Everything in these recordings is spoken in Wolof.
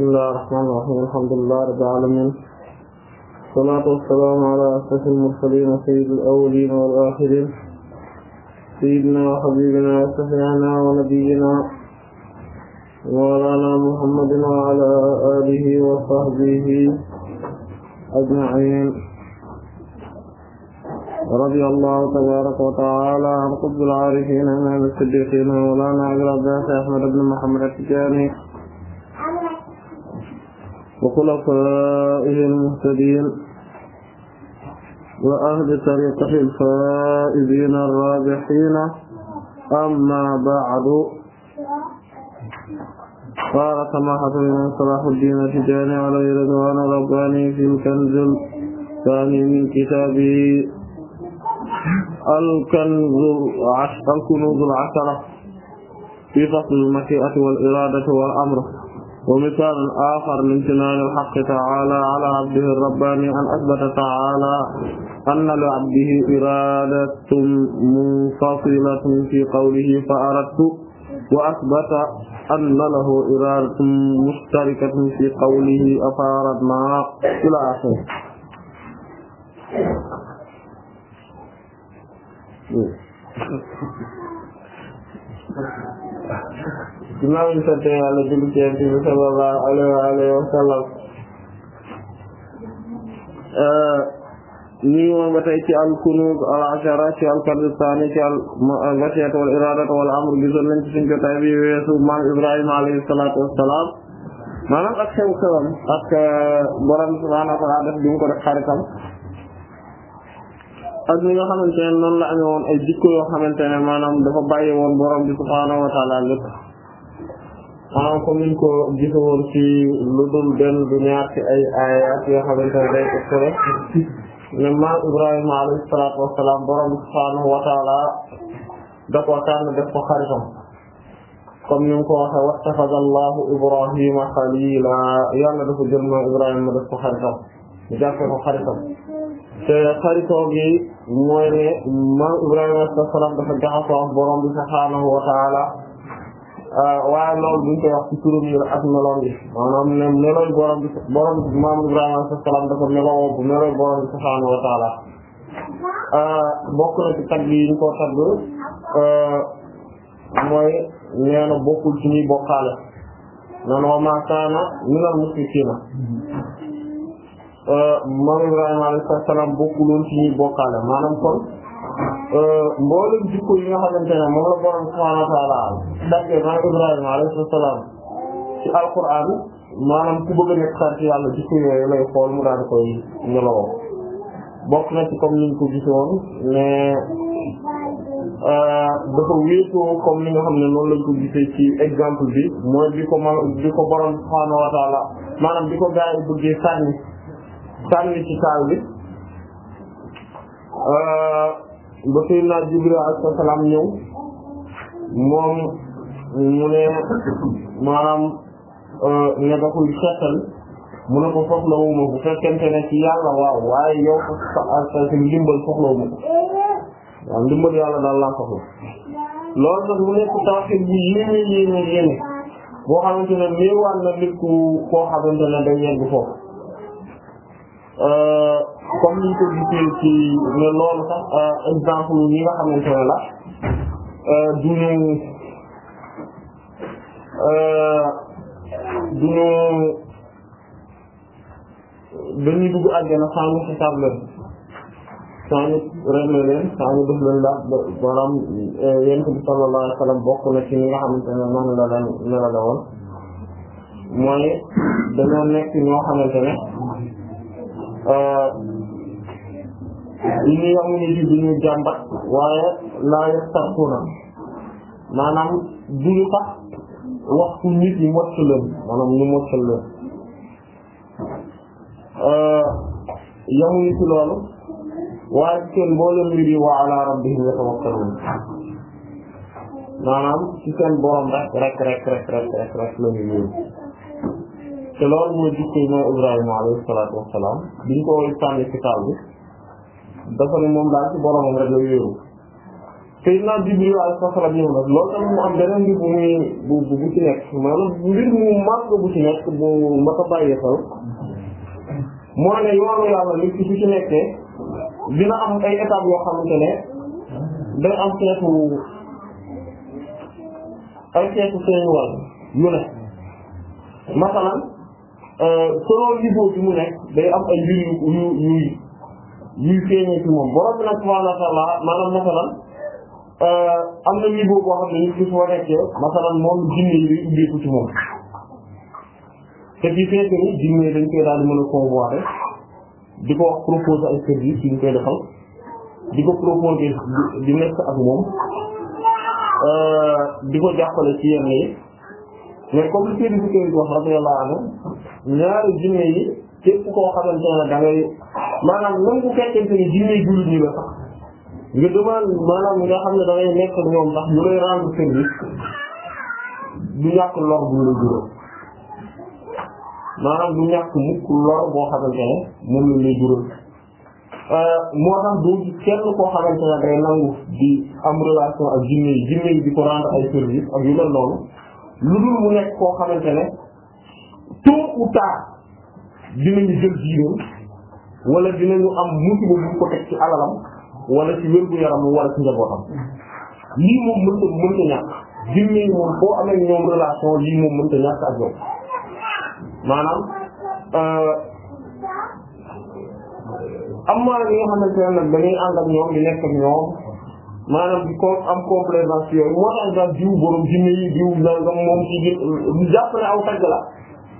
bismillahir rahmanir rahim alhamdulillahi rabbil alamin salaatu wassalamu ala ashrafil mursalin sayyidil awwalin wal akhirin sayyidina wa habibina wa shafi'ina wa nabiyyina wa mawlana muhammadin wa ala alihi wa sahbihi ajma'in رضي الله تبارك وتعالى عن قطب العارفين إمام الصديقين مولانا أبي العباس أحمد بن محمد التجاني wa xulafaa'ihi al-muhtadiin wa ahli tariiqatihi al-faa'iziina ar-raabihiina ammaa ba'du qaala kamaa xassana Salaahudiin at-Tijaani alayhi ridwaanu rabbaani fil kanzil saani min kitaabihi al-kunuuzul ashara fii faslil mashii'ati wal iraadati wal amri ومثال آخر من امتنان الحق تعالى على عبده الرباني أن أثبت تعالى أن لعبده إرادة منفصلة في قوله فأردت وأثبت أن له إرادة مشتركة في قوله أفأردنا إلى آخره ginnaaw ñu sant yàlla julli ci yonent bi sallallahu alayhi wa sallam ñu ngi woon ba tey ci al kunûz al 'ashara ci al fardu ci al wasiyatu wal iradatu wal amr gisoon nañ ci suñu jotaay bi weesu maam Ibrahima alayhi salaatu wassalaam maanaam ak xew-xewam ak euh, borom subhaanahu wa ta'aala ko def xaritam ak ñi nga xamante ne noonu la amee woon ay jikko yoo xamante ne maanaam dafa bàyyi woon borom bi subhaanahu wa ta'aala maanaam ah, comme niñ ko gisoon ci lu dul benn du ñaar ci day tëkkale ne maam Ibrahima alayhi salaatu wa salaam subhaanahu wa taala da ko tànn def ko xaritam comme ni mu ko waxee wattaxaza Allahu Ibrahima xaliila yàlla te xaritoo mooy ne maam Ibrahima alayhi salaam dafa jaxasoo ak subhaanahu wa Euh, waaye loolu buñ koy wax ci turam yi ak meloom yi maanaam ne melooy borom bi borom bi maam Ibrahima alayhi salaam dafa meloo bu melooy borom bi subhaanahu wa taala euh, bokk na ci tagg yi ñu ko tagg euh, mooy nee na bokkul ci ñuy bokkaale nan wa maa kaana minal mushrikiina maam Ibrahima alayhi salaam bokkuloon ci ñuy bokkaale maanaam kon Euh, mboolem jikko yi nga xamante ne moom la borom subhaanahu wa ta'aala daggee maanaam Ibrahima alayhi salaam ci alquran maanaam ku bëgg a nekk sant yàlla jikko yooyu mu daal di koy bokk na ci comme niñ ko ne euh, dafa wéetoo comme ni nga xam ne noonu lañ i gisee ci exemple bi mooy bi ko ma bi ko borom subhaanahu wa ta'aala maanaam bi ko gaa yi bëggee sànni sànni ba Seydina Jibril alayhi salaam ñëw moom mu ne maanaam euh, ne da koy seetal mu ne ko soxlawu ma bu fekkente ne ci yàlla waaw waaye yow sa sa sa ndimbal soxlawu ma waaw ndimbal yàlla daal laa soxla loolu nag mu nekk tawxiid bu yéeme yéeme yéeme boo xamante ne néewaan na nit ku koo xamante ne day yegg foofu. Euh, comme niñ ko la ci ne loolu sax euh, exemple ñi nga xamante ne la a euh, duñu euh, dañuy dugg àjjana sans ñu xisaab leen sans ñu réglé leen sans ñu def leen laaj ba maanaam yonent bi sallallahu alayhi wa sallam bokk na ci ñi nga xamante ne noonu la leen melale woon mooy dañoo nekk ñoo xamante ne. li ñuy wax ne ni duñu jàmbat waaye laa yastarxuuna maanaam duñu sax wax ku nit ñi mocc leen maanaam ñu eh, leen yamuñu ci loolu waaye seen boole mbir yi wa ala rabbihim yatawakkaluun maanaam ci seen borom rek rek rek rek rek rek rek la ñu wéeru te loolu mooy jikko mooy Ibrahima alayhi salaatu wassalaam biñ ko sànni ci taal dafa moom daal ci boromam rek la wéeru Seydina Jibril alayhi salaam ñëw nag loolu tamit mu am beneen mbir bu muy bu bu ci nekk maanaam mbir mu màgg bu ci ne yoonu yàlla nit ki su ci nekkee dina am ay étapes yoo xamante ne day am xeetu euh, day am ay mbir yu yu yu muy feeñee ci moom borom bi nag subhaanahu wa ta'aala maanaam masalan euh, am na niveau boo ne nit ki soo nekkee masalan moom jinne yi day ubbeeku ci moom te ci fekk ni jinne yi dañ koy daal di mën a convoiter di ko wax proposer ay services yu ñu koy defal di ko proposer di nekk ak moom euh, di ko jàppale ci yenn yi mais comme li Seydou Fouta yi wax képp koo xamante ne da ngay maanaam même la sax nga demande maanaam nga xam ne da ngay nekk ñoom ndax ñu lay rendre service du ñàkk lor bu la jural maanaam du ñàkk mukk lor boo xamante ne la lay jural euh, moo tax doo gis kenn koo xamante ne day nangu di am relation ak jinne yi ay service ak yu mel noonu lu dul mu nekk koo xamante ne tôt ou tard dinañu jël diineem wala dinañu am musiba bu ko teg ci alalam wala ci wér gu yaram wala ci njabootam lii moom mënta mënta ñàkk jinne moom maanaam euh, am na ñi nga xamante ne nag dañuy ànd ak am daal diw borom jinne yi diw nangam moom ci biir jàpp ne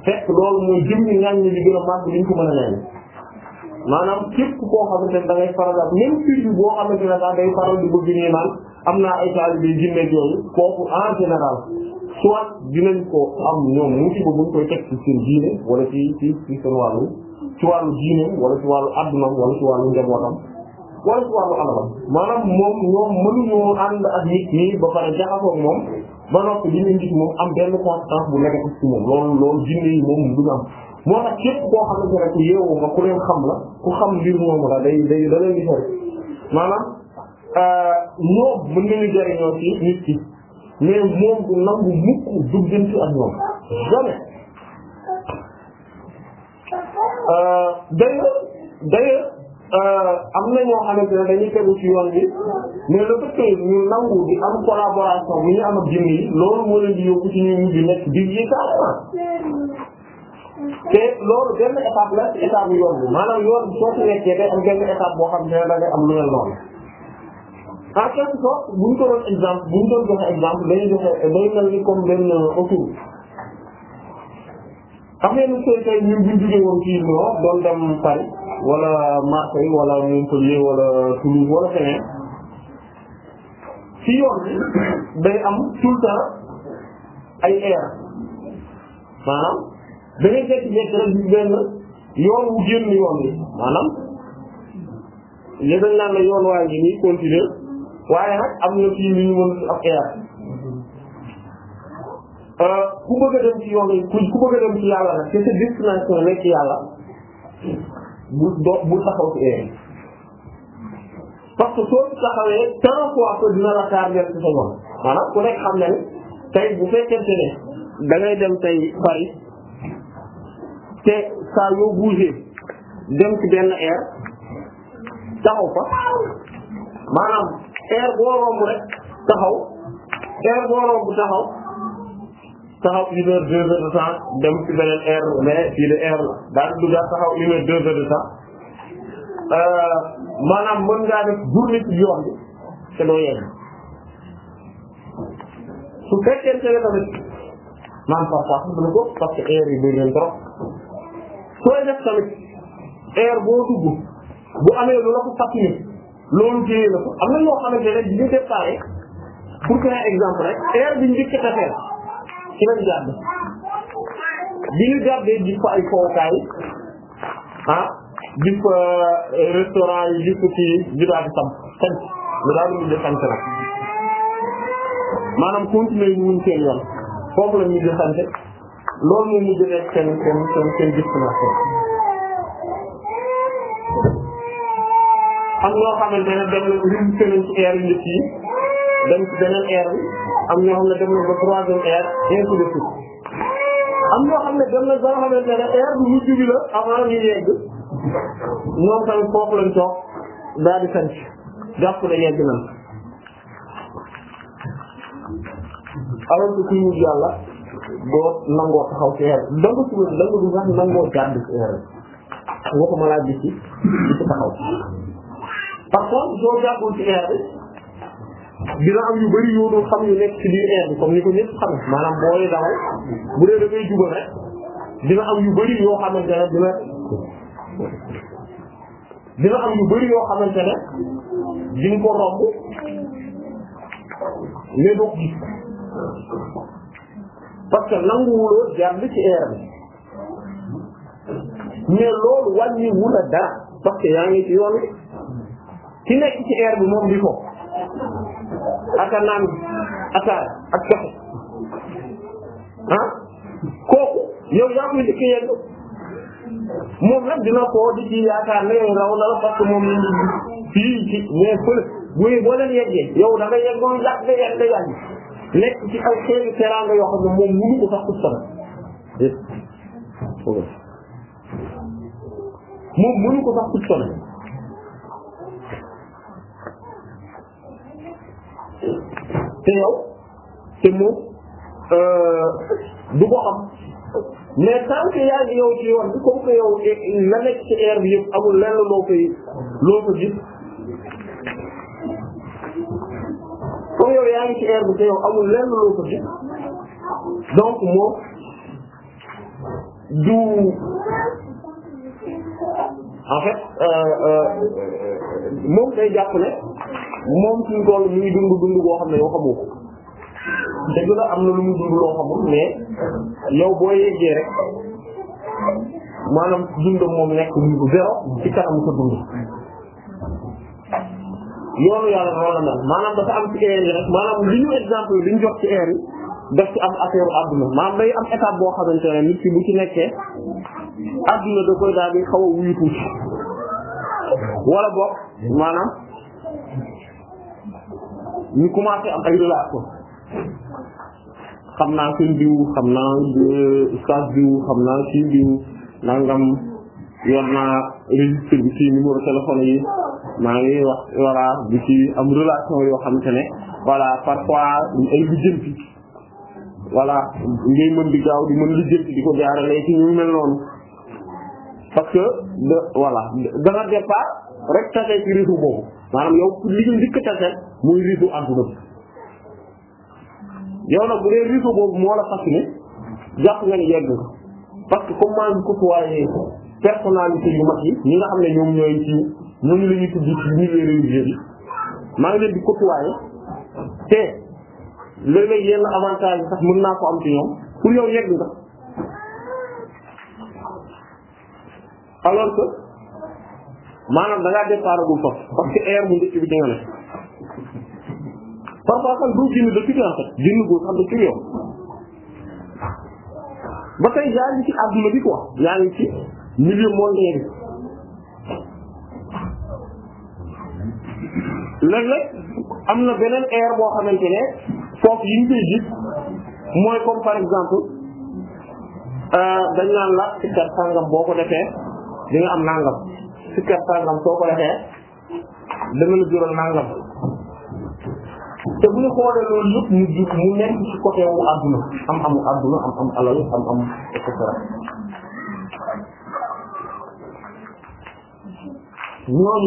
fekk loolu mooy jëmmi ñaañu li gën a màgg liñ ko mën a ñaan maanaam képp koo xamante ne da ngay faral ak même fii bi boo xamante ne sax day faral di bëgg ñuy naan am naa ay taalibe yu jinne yooyu kooku en général soit dinañ ko am ñoom mu ci bëgg koy teg ci seen diine wala ci ci ci seen wàllu ci wàllu diine wala ci wàllu addunam wala ci wàllu njabootam wala ci wàllu alalam maanaam moom ñoom mënuñoo ànd ak nit ñi ba pare jaxasoo ak moom. ba noppi li ñuy gis moom am benn constance bu négatif ci moom loolu loolu jinne yi moom du am moo tax képp koo xamante ku yeewoo ku leen xam la ku xam mbir moomu la day day da leen di sori maanaam euh, ñoo mën nañu jëriñoo ci nit ki mais moom du nangu mukk dugganti ak ñoom jamais euh, d'ailleurs d'ailleurs Euh, am na ñoo xamante ne dañuy tegu ci yoon bi mais le fait que ñu nangu di am collaboration bi ñu am ak jinne yi di yóbbu ci yi carrément te loolu benn étape la ci étape yoon bi maanaam yoon bi soo ci nekkee day am benn étape boo xam ne da ngay am lu mel noonu en quelque sorte bu ñu ko doon exemple bu ñu doon joxe exemple dañuy joxe day mel ni xam ngeen ne tey tey ñun bu ñu jugee woon fii non doon dem Paris wala Marseille wala Montpellier wala Toulouse wala feneen ci yoon bi am tout le ay air maanaam da ngay fekk fekk rek benn yoon wu génn yoon bi maanaam li dañ naan la yoon waa ngi nii am air. Euh, ku bëgg a dem ci yoon yi ku bëgg a dem ci yàlla nag te sa destination nekk ci yàlla bu doo bu taxaw ci erreur parce que soo taxawee tant fois que dina la tardé ci sa yoon maanaam ku nekk xam na ni tey bu fekkente dem tey Paris te saa yoo bougé dem ci benn air taxaw fa maanaam air boo romb rek taxaw air boo romb taxaw. taxaw une heure deux heures de temps dem ci beneen air mais fii la daal di duggaat taxaw une heure deux heures de temps euh, maanaam mën ngaa def journée ci yoon bi te doo yegg su fekkente ne tamit maanaam parfois xam ko parce que air yi bëri nañ trop sooy def tamit air boo dugg bu amee lu ko fàttali loolu téye la ko am na ñoo xamante ne bi ñu déparé pour que exemple rek air bi njëkk ci lañ jàdd bi ñu jàddee gis fa ay fookaay ah gis fa euh, restaurant yi gis ci ñu daal di samp sanc ñu daal di mujj sanc nag maanaam continuer ñu wuñ seen yoon foofu la mujj sanc loolu moo mujj nekk seen seen seen seen destination am ñoo xamante ne dañ lim seen ci air yu njëkk yi dem ci beneen air am ñoo xam ne dem na ba troisième heure ainsi de suite am ñoo xam ne dem na ba nga xamante ne heure bu mujj bi la avant ñu yegg ñoom tamit foofu lañ toog daal di sant jàpp na yegg nañ alors que kuy wut yàlla doo nangoo taxaw ci heure da nga suba da nga du sax nangoo jàdd ci heure waxuma laa gis ci ci taxaw par contre soo jàppul ci heure bi dina am yu bari yoo doon xam yu nekk ci biir air bi comme ni ko ñëpp xam maanaam booy daw bu dee da ngay jubal rek dina am yu bari yoo xamante ne dina dina am yu bari yoo xamante ne di nga ko romb mais doo gis parce que nanguwuloo jàll ci air bi mais loolu wàññi wu la dara parce yaa ngi ci yoon ki nekk ci air bi moom di ko aka naan ataay ak joxe ah kooku yow yaa koy dëkk yegg moom nag dina koo di ci yaakaar ne yow raw na la parce que moom la ñu fii ci mais fële bu boo leen yeggee yow da nga yegg lu yàgg da yàgg da yàgg nekk ci ay xeetu teraanga yoo xam ne moom mënu ko sax pour sonal moom mënu ko sax pour sonal te yow te moom euh, du ko xam mais tant que yaa ngi ci yoon comme que yow la eh, nekk ci air bi yëpp amul lenn loo koy loo ko gis comme yow yaa ngi ci air bi te yow amul lenn loo ko gis donc moom du en fait euh, euh, moom day jàpp ne. moom suñu tool mi ngi dund dund xam ne yow xamoo ko dëgg am na lu muy loo xamul mais yow boo yeggee rek maanaam dundam moom nekk lu zéro ci kanam sa dund yoonu yàlla la mel maanaam dafa am ci air yi li ñu exemple yi li ñu jox ci air yi daf ci am affaire adduna maanaam day am étape boo xamante ne nit ki bu ci nekkee adduna da koy daal di xaw a wala boog maanaam ñu commencé am ay relation xam naa seen xam naa stage diw xam naa euh, si diw nangam yor naa registre bi ci numéro yi maa ngi wax voilà bi ci am relation yoo xamante ne voilà parfois ay lijjanti voilà ngay mën gaaw di mën lijjanti di ko jaarale ci ñu mel parce que de voilà dana départ rek tase ci réseau boobu maanaam pour li nga njëkk muy réseau àdduna bi yow nag bu dee réseau boobu moo la fasciné jàpp nga ni yegg parce que comme maa ngi côtoyé personnalité yu mag yi ñi nga xam ne ñoom ñooy ci ñooñu la ñuy tudd ci milieu religieux bi maa ngi leen di côtoyé te léeg yenn avantage sax mën naa ko am ci ñoom pour yow yegg nga alors que maanaam da ngaa déparagul foofu parce que air bu njëkk bi da nga ne parfois sax doo génn dëkk bi en fait génn boo xam ne kii yow ba tey yaa ngi ci àdduna bi quoi yaa ngi ci milieu mondial bi léeg-léeg am na beneen air boo xamante ne foofu yi ñu koy mooy comme par exemple euh, dañ naan la sikkar sàngam boo ko defee di nga am nangam sikkar sàngam soo ko defee dana la jural nangam te bu ñu xoolee loolu yëpp mu nekk ci côté àdduna am am àdduna am am alal am am et cetera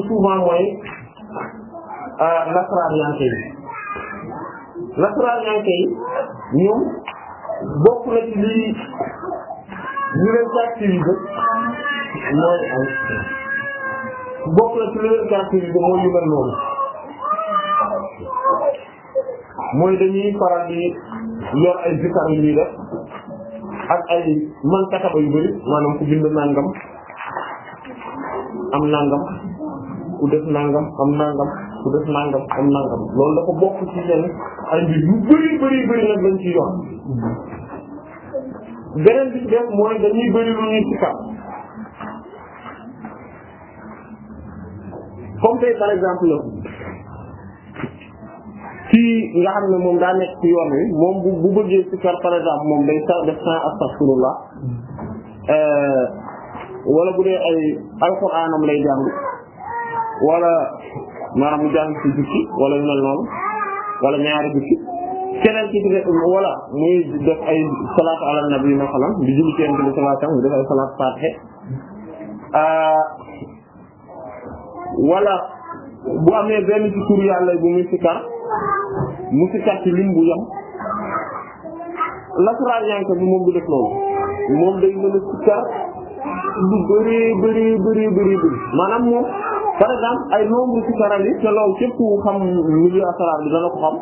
souvent mooy euh, nasaraan yanke yi nasaraan yanke yi ñoom bokk na ci lii ñu leen caractériser bokk na ci li leen caractériser mooy ñu mel noonu mooy dañuy faral di yor ay zikar yu ñuy def ak ay man kataba yu bëri maanaam ku bind nangam am nangam ku def nangam am nangam ku def nangam am nangam loolu dafa bokk ci seen ay mbir yu bëri bëri bëri nag lañ ci yor beneen bi ci def mooy dañuy bëri lu ñuy sikar kii nga xam ne moom daa nekk ci yoon wi moom bu bu bëggee si kar par moom day sa def sa astaghfirullah euh, wala bu dee ay alxuraanam lay jàng wala maanaam mu jàng ci ñaari jukki keneen ki ci def wala def ay salaatu ala nabi masalan di julli bi def ay salaatu fatiha euh, wala bu amee benn ci tur yàlla bu muy si mu si kàcc lim bu yam lasrayanke bi moom du def loolu moom day mën a sikkar lu bëree bëree bëree bëree maanaam moom par exemple ay nombre sikkaral yi te loolu képp ku xam milieu asrar bi dana xam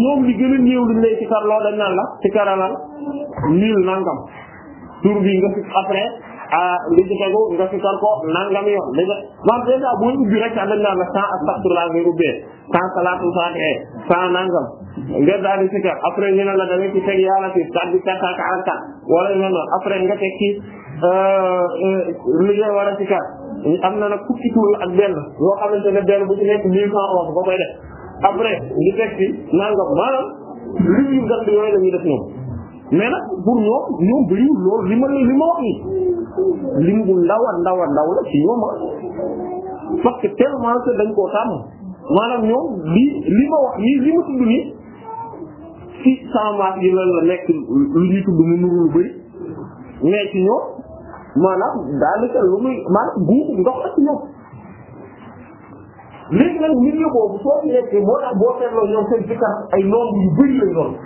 ñoom li gën a néew li lay sikkar loolu dañ naan la sikkaralal mille nangam tur bi nga si après ah li ci tegu nga si tar ko nangam yoon dégg nga man dèjà boo ubbi rek sax dañ naan la sans astaghfirullah ngay ubbee sans salatu fatiha sans nangam nga daal di si tar après ñu ne la da nga ci teg yàlla ci kat bi kat ak ak kat wala ñu ne après nga teg ci euh, li nga war a si kat am na nag fukki tur ak benn yoo xamante ne benn bu ci nekk mille cent onze ba koy def après ñu teg ci li ñu la ñuy def ñoom. mais nag pour ñoom ñoom bëriwul loolu li ma li ma wax nii lim bu ndaw a ndaw a ndaw la ci ñoom ah. parce que tellement que dañ koo tàmm maanaam ñoom li li ma wax nii li ma tudd nii ci semence yi la la nekk lu ñuy tudd mu nuru lu bëri mais ci ñoom maanaam daanaka lu muy maanaam guub ndox la ci ñoom. léegi nag milieu boobu soo ci nekkee moo tax boo seetloo ñoom seen jëkkër ay nombre yu bëri la ñu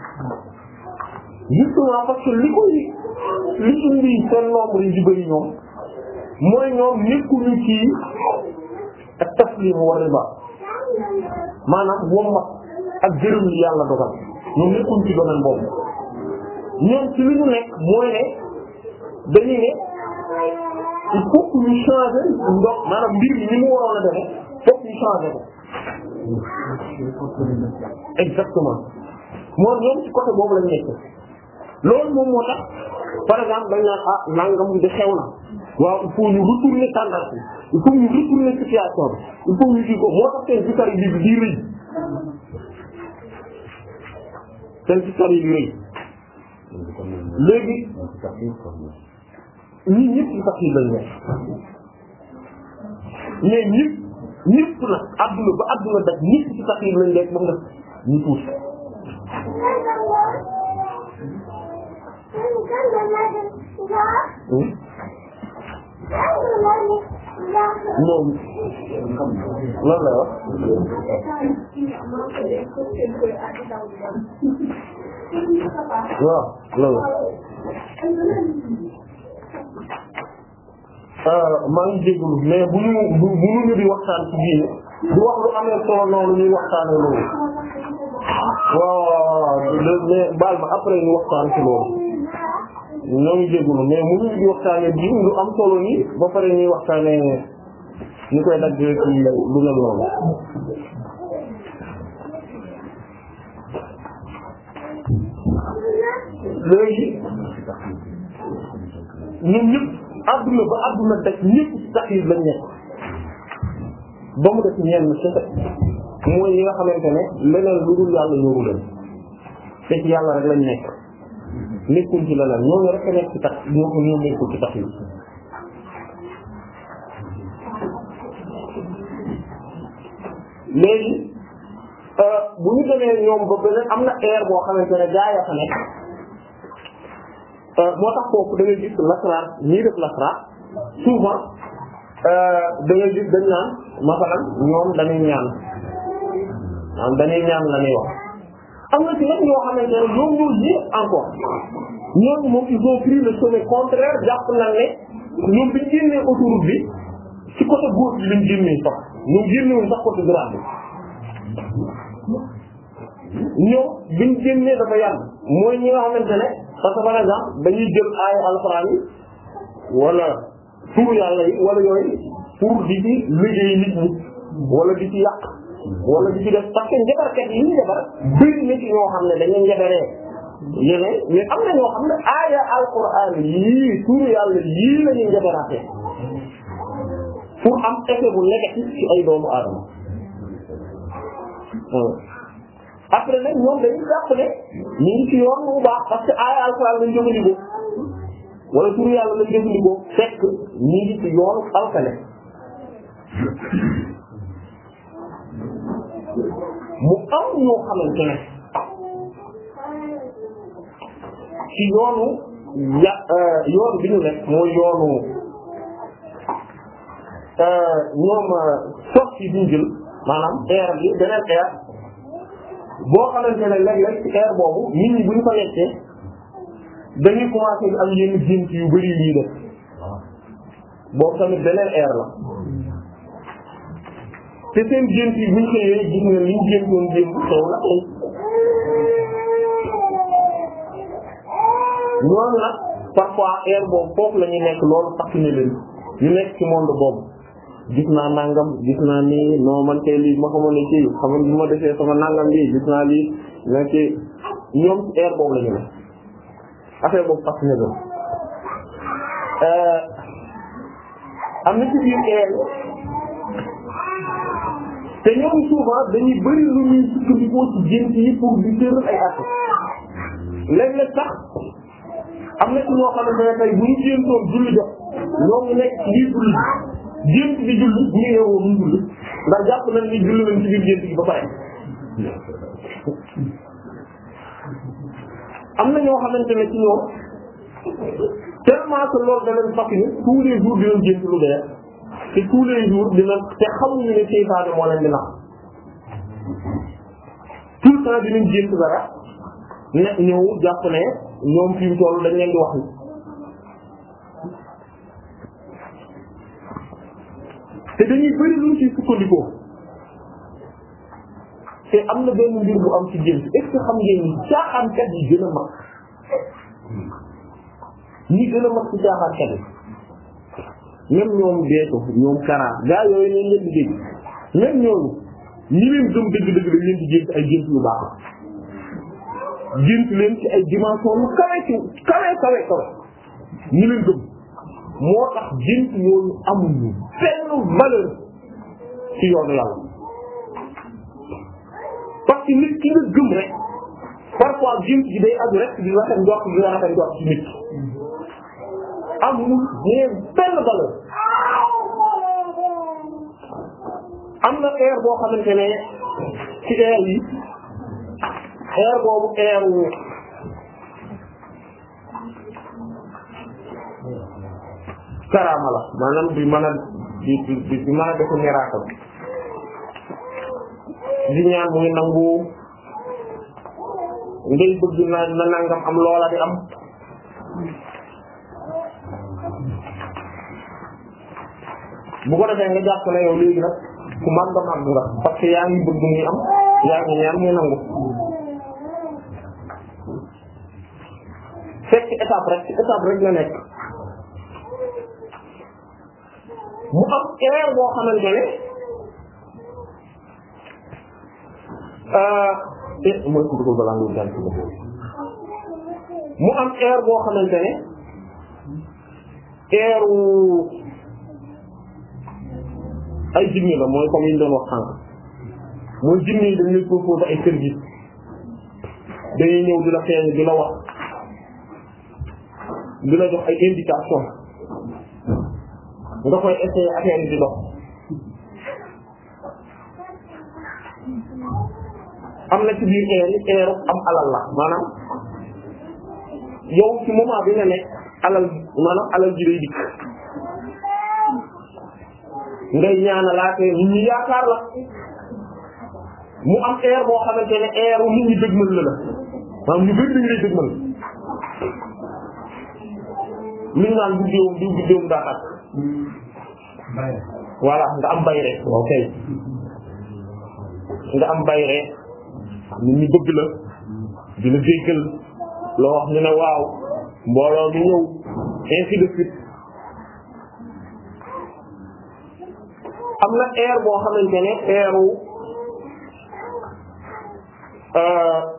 justement parce que li koy li indi seen nombre yi di bëri ñoom mooy ñoom nekkuñu ci ak taslim wa riba maanaam wommat ak gërëm yi yàlla dogal ñoom nekkuñu ci domaine boobu ñoom ci li ñu nekk mooy ne dañuy ne il faut que ñu changer ndox maanaam mbir ni mu a demee fokk ñu changer ko exactement moom ñoom ci côté boobu lañ nekk loolu moom moo tax par exemple dañ naan ah nangam di xew na waaw il faut ñu retourner tendance bi il faut ñu retourner situation bi il faut ko moo tax seen sitar yi di rëy seen sitar yi di rëy léegi ñi ñëpp ci sax yi lañ nekk mais ñëpp ñëpp nag adduna ba adduna daj ñëpp ci sax yi lañ nekk moom nag ñu moom loolu la wax waaw loolu maa ngi déglu mais bu ñu bu ñu di waxtaan ci biir di wax lu amee solo noonu ñuy waxtaanee loolu waaw mais baal ma après ñu waxtaan ci loolu ñoo ngi jégalu mais mënuñu di waxtaanee ji lu am solo nii ba pare ñuy waxtaanee ñu koy dagg ci lu mel noonu. léegi ñun ñëpp àdduna ba àdduna daj ñëpp ci taxis lañ nekk ba mu def ñenn ci mooy yi nga xamante ne leneen lu dul yàlla ñoru leen te ci yàlla rek lañ nekk. nekkul ci leneen ñooñu rek nekk ci tax ñoo ko ñoo nekkul ci tax yi léegi euh, bu ñu demee ñoom ba beneen am na air boo xamante ne gaa ya fa nekk euh, moo tax foofu da ngay gis lasrar ñii def lasrar souvent euh, da gis dañ naan masalan ñoom dañuy ñaan maanaam dañuy ñaan la ñuy am na ci nag ñoo xamante ne ñoom ñoo yéex encore ñooñu moom ils ont pris le chemin contraire jàpp na ne ñoom bi ñu génnee autoroute bi ci côté góor bi lañ génnee sax ñoom génnewuñ sax côté droit bi ñoom bi ñu génnee dafa yàgg mooy ñi nga xamante ne parce que par exemple dañuy jël aaya alxuraan yi wala turu yàlla yi wala yooyu pour di ci liggéey nit wala di ci wala di ci def parce que njabarkat yi ñu njabar bëri na ci ñoo xam ne dañuy njabaree yeneen mais am na ñoo xam ne aaya alquran yii suuru yàlla yii la ñuy njabaraatee pour am effet bu négatif ci ay doomu aadama hmm. après nag ñoom dañuy jàpp ne ñu ngi ci yoon bu baax parce que aaya alquran lañ jëfandikoo wala suuru yàlla lañ jëfandikoo fekk ñu ngi ci yoonu alkane mu am ñoo xamante ne ci yoonu ya euh, yoon bi ñu nekk mooy yoonu euh, ñoom euh, sortie bi ñu jël maanaam air bi beneen air boo xamante ne léeg-léeg ci air boobu nit ñi bu ñu ko nekkee dañuy am yenn gént yu bari ñuy def ah. boobu tamit beneen air la te seen gént yi buñ xëyee gis na liñ géntoon démb xew na tey ñoom nag parfois heure boobu foofu la ñuy nekk loolu fasciné ñu nekk ci monde boobu gis naa nangam gis naa nii non man tey lii ma xamoon ne kii ma defee sama nangam lii gis naa lii na ci ñoom ci heure la ñu nekk affaire euh, am na ci biir heure te ñoom souvent dañuy bëri lu ñuy sukkandikoo ci gént yi pour di tëral ay at léeg-léeg sax am na ci ñoo xamante ne tey bu ñu géntoon julli jot ñoo ngi nekk ci biir julli gént bi julli ñu yeewoo ñu julli ndax jàpp nañ ni julli nañ ci biir gént bi ba pare am na ñoo xamante ne ci ñoom tellement que loolu da leen fàttali tous les jours di leen gént lu dee te tous les jours dina te xamuñu ne seytaane moo leen di nax tout le temps dinañ gént dara ne ñëw jàpp ne ñoom fi mu toll dañ leen di wax ni te dañuy bëri lu ci sukkandikoo te am na benn mbir bu am ci gént est ce que xam ngeen ni caaxaankat yi gën a mag ñi gën a mag ci caaxaankat yi même ñoom beeto ñoom kara gaa yooyu leen leen di dégg même ñooñu ñi leen gëm dëgg-dëgg dañ leen di gént ay gént yu baax gént leen ci ay dimension yu kawe ci kawe kawe kawe ñi leen gëm moo tax gént yooyu amuñu benn valeur ci yoonu yàlla parce que nit ki nga gëm rek parfois gént gi day aju rek di rafet ndox di rafet ndox ci nit amul am na air boo xamante ne ci air yi air boobu air wu karaama la maanaam di mën a di di di mën a def miracle di ñaan muy nangu ngay bëgg na nangam am loola di am bu ko defee ne yow léegi nag ku màgg màgg nga parce que yaa ngi bëgg muy am yaa ngi ñaan muy nangu. fekk ci étape rek ci étape rek nekk mu am erreur boo xamante ne euh, eh mooy ku dugal balaa nga jàpp ay jinne la mooy comme yi ñu doon wax sànq mooy jinne yi dañuy proposé ay service dañuy ñëw di la feeñ di la wax di la jox ay indication nga koy essayer affaire yi di dox am na ci biir air am alal la maanaam yow ci moment bi nga alal maanaam alal ji lay ngay ñaanalaatee nit ñi yaakaar la mu am air boo xamante ne airu nit ñi dëgmal la la maanaam ñu bëri dañu lay dëgmal li ñu naan guddeewum diw guddeewum daa xat nga am bayre ok nga am bayre nit ñi bëgg la dina déggal loo wax ne waaw mbooloo mi ñëw ainsi de suite am na air boo xamante ne airu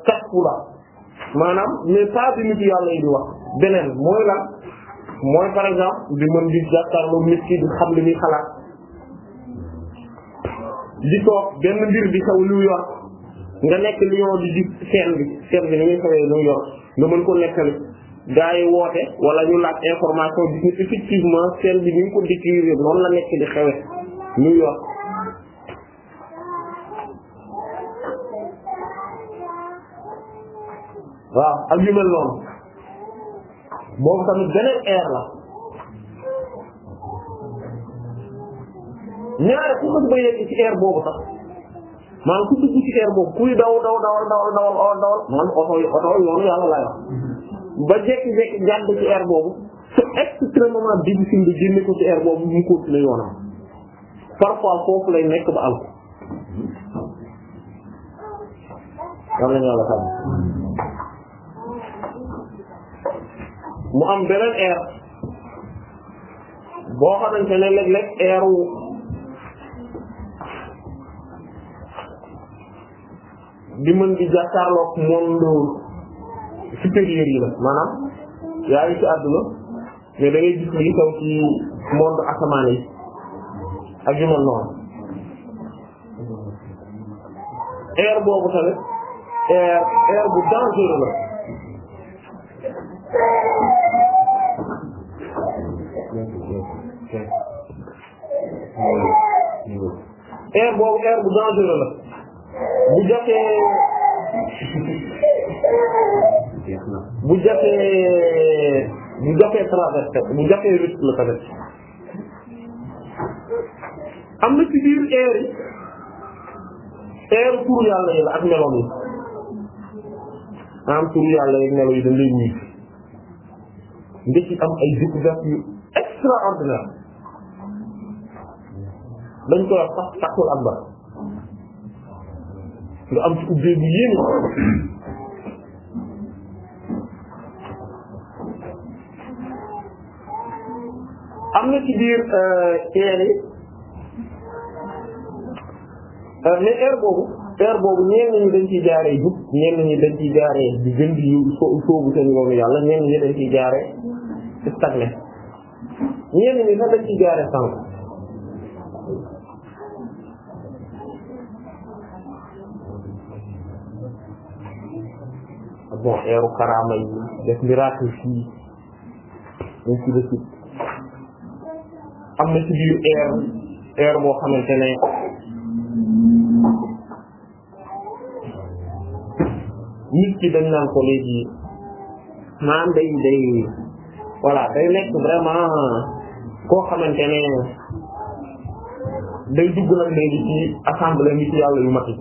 kasfu euh, la maanaam mais pas bi nit yàlla yi di wax beneen mooy lan mooy par exemple di mën di jàkkaarloo nit ki di xam li muy xalaat di toog benn mbir di xew New York nga nekk Lyon di gis scène bi scène bi ni muy xewee New York nga mën ko nekkali gaa yi woote wala ñu laaj information gis ni effectivement bi ni ko décrire noonu la nekk di xewee New York waaw ak yu mel noonu boobu tamit beneen la ñaare ku ba yegg ci air boobu sax maanaam ku dugg ci air boobu kuy daw daw dawal dawal dawal dawal dawal man oto oto yoonu yàlla lay ba jékki-jékki jàdd ci air boobu c'est extrêmement difficile de génne ko ci air boobu mu continuer yoonam parfois foofu lay nekk ba alko yàlla mu am beneen air boo xamante ne léeg-léeg air wu di mën di jàkkaarloog monde supérieur yi la maanaam yaa ci àdduna mais da ngay gis li xew monde asamaan ak yu mel noonu air boobu tamit air air bu dangereux la air boobu air bu dangereux la bu jafee bu jafee bu jafee traversé bu jafee risque la tamit am na ci biir air yi air turu yàlla yi la ak meloom yi am turu yàlla yi melo yi dañ lay ñii nga am ay découverte yu extraordinaire dañ koy wax sax takkul ak ba nga am ci ubbee bu yéeme am na ci biir euh, air yi Euh, mais heure boobu heure boobu ñenn ñi dañ ciy jaaree jub ñenn ñi dañ ciy jaaree di gën di sóobu seen yoonu yàlla ñenn ñi dañ ciy jaaree ci stagné ñenn ñi dañ ciy jaaree sànq. bon eeru karaama yi def miracle fii dañ ci def am na ci air boo xamante ne. nit ki dañ naan ko léegi maam day day voilà day nekk vraiment koo xamante ne day dugg nag léegi ci assemblée nit yàlla yu mag yi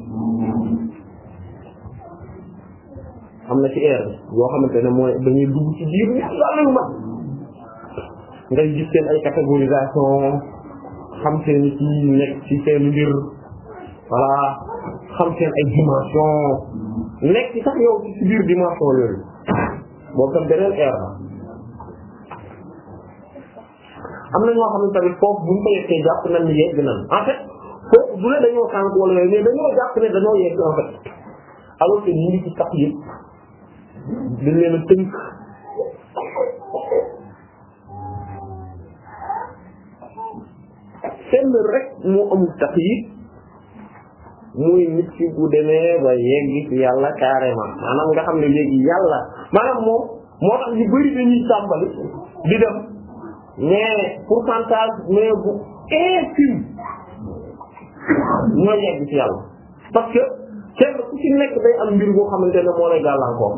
am na ci air yoo xamante ne mooy dañuy dugg ci biir nit yàlla yu mag ngay gis seen ay catégorisation xam seen ci nekk ci seen mbir voilà xam seen ay dimension nekk sax yow ci biir dimension yooyu boobu tam beneen air am na ñoo xam ne tamit foofu bu ñu ko yeggee jàpp nañ ni yegg nañ en foofu du dañoo sànq wala dañoo jàpp ne dañoo yegg en fait alors que ñu ngi ci sax yëpp dañ leen a tënk fenn rek muy nit ki bu demee ba yegg ci yàlla carrément maanaam nga xam ne léegi yàlla maanaam moom moo tax ñu bari dañuy tàmbali di dem mais pourcentage mais bu infime ñoo yegg ci yàlla parce que kenn ku ci nekk day am mbir boo xamante ne moo lay gàllankoor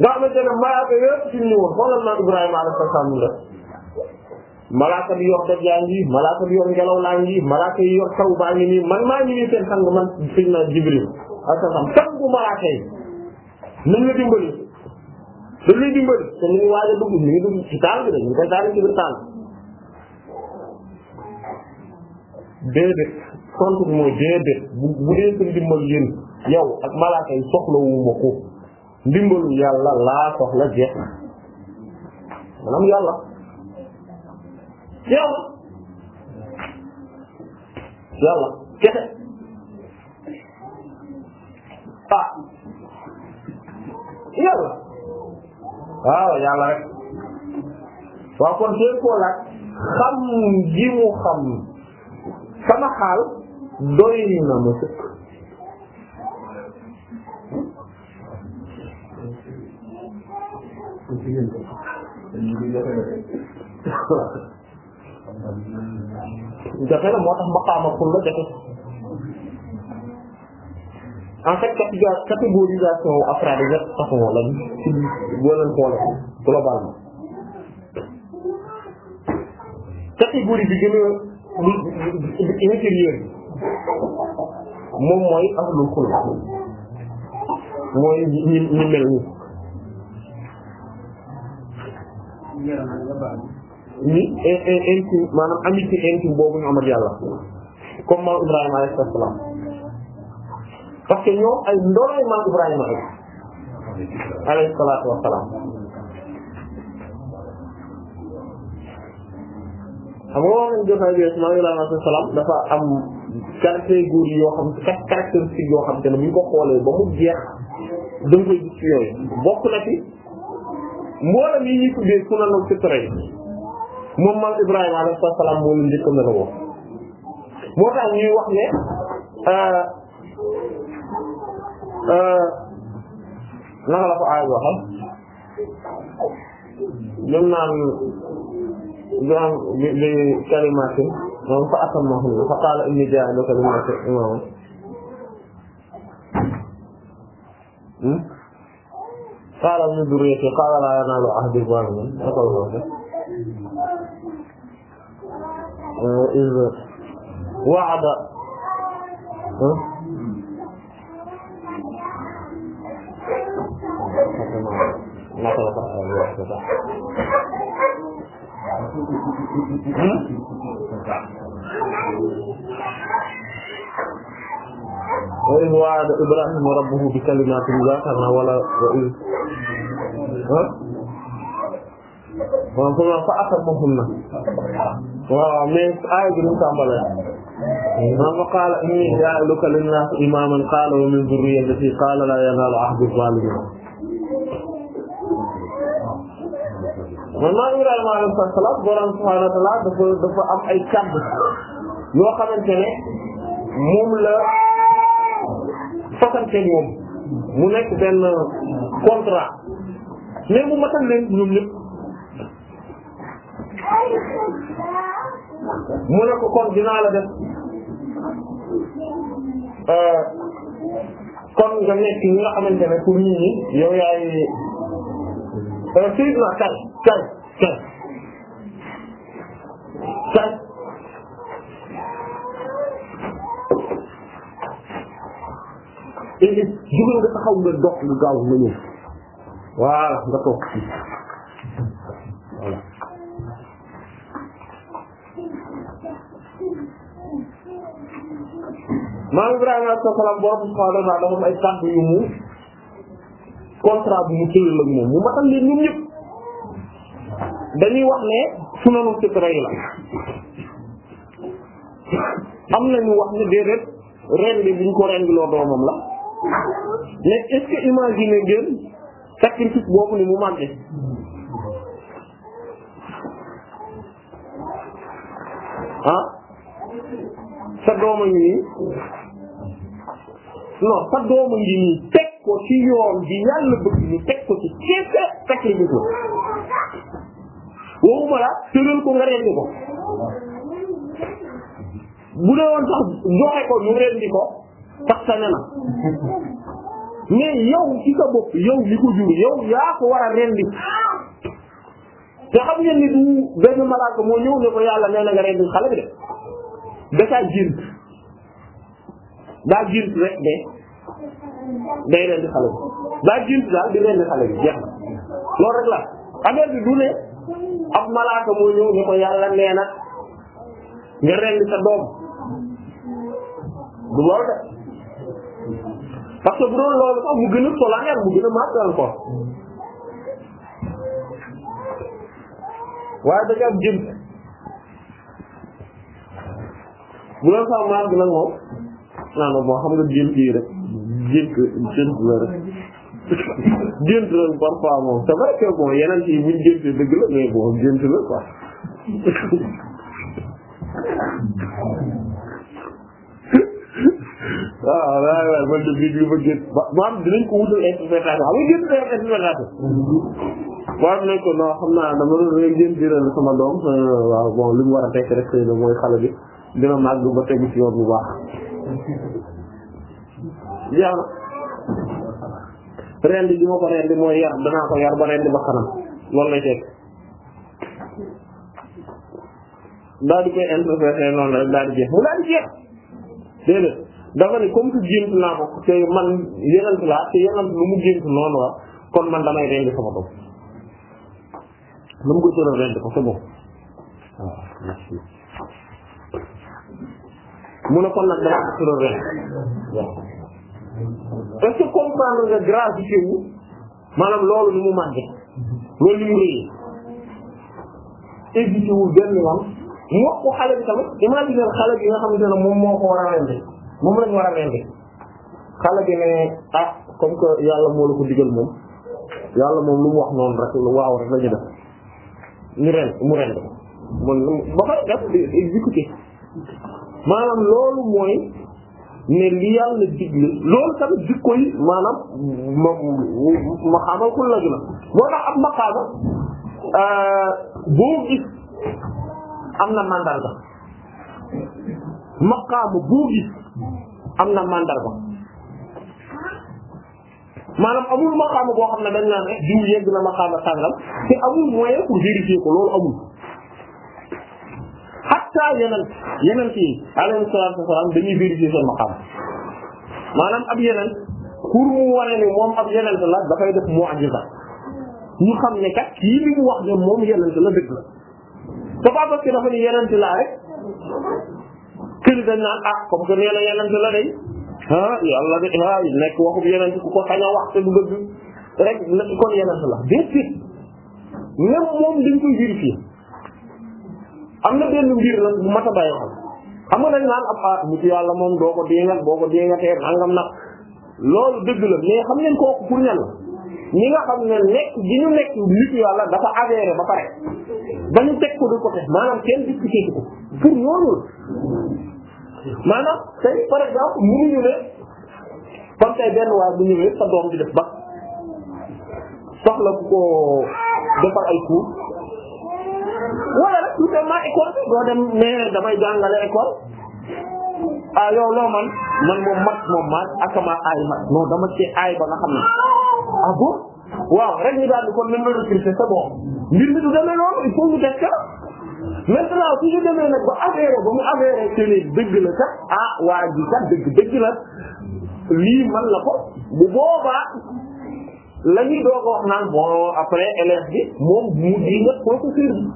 nga xamante ne malaaka yëpp ci ñu woon xoolal naa Ibrahima alayhi salaam def malaaka bi yor doj yaa ngi malaaka bi yor ngelaw laa ngi malaaka man maa ngi nii seen sang man fiñ na Jibril asalaam sangu malaaka yi nañ la dimbali dañ lay dimbali te ñu ngi waaj a dugg ñu ngi dugg ci taal bi de ñu ngi koy taal ci biir taal déedéet tontu bi mooy déedéet bu bu dee seen dimbal yéen yow ko ndimbalu yàlla laa soxla jeex maanaam yàlla yàlla kese ah yàlla waaw yàlla rek waaw kon dee ji mu xam sama xaal doy na ma jafe la moo tax maqaama pour la jafe en fait catégorisation wu afraad yi ñett façon lañ ci boo leen xoolee globalement catégorie bi gën a lu inférieur moom mooy ahlul xulq mooy ñi ñi mel ni ni intime maanaam amitié intime boobu ñu am ak yàlla comme maam Ibrahima alayhi salaam parce ñoom ay ndooray maam Ibrahima rek alayhi salaam dafa am catégorie yoo xam quatre caractéristiques yoo xam te ne bu ñu ko xoolee ba mu jeex da nga koy yooyu bokk na ci mboolem yi ñuy tuddee sunanu fitra moom maam Ibrahima alayhi salaam moo leen njëkk a meloo moo tax ñuy wax ne euh, euh, naka la ko aay waxal ñoom naan ñoom li li kalimaatin moom fa atammahunna fa qaala innii jaa'iluka linnaasi imaaman hmm? qaala min durriyyati qaala laa yanaalu ahdi zaalimiin iz wa'ada wa iz wa'ada Ibraahiima rabbuhu bi kalimaatin fa'atmahunna wala wa iz maanaam fa'atmahunna waaw mais aaya bi nu mu tàmbalee maanaam wa qaala innii jaa'iluka linnaasi imaaman qaala wa min dhurriyyatii qaala laa yanaalu ahdi zaalimiin man maa Ibrahima alayhi salaam borom subhaanahu wa ta'aala dafa dafa am ay kàddu yoo xamante ne moom la fasanteeg moom mu nekk benn contrat mais mu matal leen ñoom ñëpp. mu ne ko kon dinaa la def euh, kon nga nekk ñi nga xamante ne pour nit ñi yow yaay euh, Seydina kay kay nga taxaw nga dox lu gaaw nga ñëw voilà nga toog maam Ibrahima ma salaam borom subhaanahu wa ta'aala dafa am ay kàddu yu mu contrat bu mu tëral ak moom mu matal leen ñun ñëpp dañuy wax ne sunanu fitra yi la am nañu wax ne déedéet ren bi buñ ko ren bi loo doomam la mais est-ce que imaginer ngeen boobu ni mu màggee ah sa dooma ngi nii non sa dooma ngi nii teg ko ci yoon bi yàlla bëgg ñu teg ko ci kese sacrifice la waxuma la tëral ko nga rendi ko bu dee woon sax joxe ko ñu rendi ko sax sa nena mais yow ci sa bopp yow li ko jur yow yaa ko war a rendi te xam ngeen ni du benn malaaka moo ñëw ne ko yàlla nee nga rendi xale bi de dafa gént daa gént rek de day rendi xale bi daa gént daal di rendi xale bi jeex na loolu rek la affaire bi du ne ab malaaka moo ñëw ne ko yàlla nee na nga rendi sa doom du loolu de parce que bu doon mu gën a solaire mu gën a màggal ko waaye dañu am gént bu doon sàmm ak nag moom naa ne moo xam nga gént yi rek gént gént la rek gént la parfois moom c'est vrai que bon yeneen yi buñ géntee dëgg la mais bon ah, man de bii bii ba gént ba na la interprétation waaw ne ko non xam naa dama doon gént di euh, mooy xale bi. dina màgg ba tegu ci yoon bu baax jeex na rendi bi ma ko rendi mooy yar danaa ko yar ba rendi ba kanam loolu lay teg daal di koy interpréter noonu rek di jeex di jeex déedéet dafa ne comme que gént naa ko te man yenant laa te yenant lu mu gént noonu la kon man damay rendi sama doom lu mu ko tëral rendi ko c'est bon waaw mu ne kon nag dana absorbé waaw maanaam loolu ni mu màgge loolu ni mu réyee évité benn yoon mu wax ko xale bi tamit imagine xale bi nga xamante ne moom moo ko war a rendi moom lañ war a rendi xale bi ne ah comme que yàlla moo la ko digal moom yàlla moom lu mu wax noonu rek waaw rek la def ñu rend mu rend mun ba pare def exécuté maanaam loolu mooy ne li yàlla digle loolu tamit jikko yi maanaam ma ma xamal ku la gën a moo tax ab maqaama euh, boo am na mandarga maqaama boo gis am na mandarga maanaam amul maqaama boo xam ne dañ naan rek diw yegg na maqaama sàngam te amul moyen pour vérifier ko loolu amul hatta yeneen yeneen yi alayhi salaatu wasalaam dañuy vérifier seen maqaam maanaam ab yeneen pour mu wane ni moom ab yeneen la dafay def mu'jiza ñu xam ne kat kii li mu wax ne moom yeneen la dëgg la te pas parce que dafa ni yeneen laa rek ah, na yeneen la day ah yàlla de ah nekk waxub yeneen ku ko xañ a wax te du dëgg rek kon yeneen la déedéet même moom dañ koy vérifier. am na benn mbir nag bu mat a bàyyi xel xam nga dañ naan ab aat bu ci yàlla moom doo ko déngat boo ko déngatee na nag loolu dëgg la mais xam ngeen kooku pour ñan la ñi nga xam ne nekk gi ñu nekk nitu yàlla dafa avéré ba pare ba ñu teg ko de côté maanaam kenn discuté ko pour ñooñu la maanaam tey par exemple mënuñu ne comme tey benn waay bu ñëwee sa doom ba soxla ay cours wala rek tout simplement école doo dem ne damay jàngale école ah yow loo man man moom mat moom mat akama aay mat non dama ci aay ba nga xam ne ah waaw rek ñu daal di kon même nag ba avéré ba mu avéré que dëgg la sax ah waa ji sax dëgg dëgg la lii man la ko bu boobaa la ñuy doog a wax naan bon après élève bi moom mu di nga professeur bi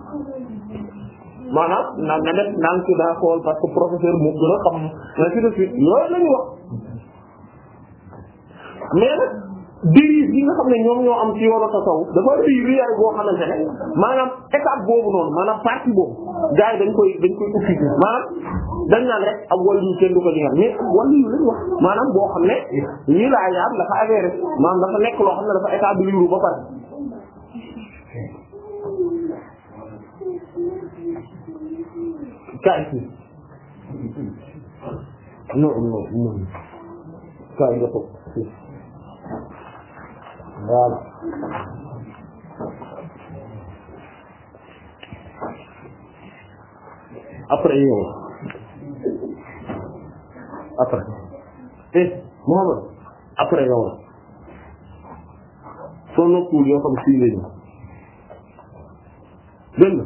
maanaam na na def naan ci daa xool parce que professeur moo gën a xam ainsi dérive yi nga xam ne ñoom ñoo am ci yoonu tasawuf dafa ri riyaay boo xamante ne maanaam étape boobu noonu maanaam partie boobu gars dañ koy dañ koy occuper maanaam dañ naan rek ab wàllu yu kenn du ko jeexal mais ab wàllu yu lañ wax maanaam boo xam ne lii laa yaam dafa avéré maanaam dafa nekk loo xam ne dafa état bi liiru ba pare kaay si non non non kaay nga toog Voilà. après yow après eh Mouhamed après yow la soo noppiwul yoo xam si lañu dégg nga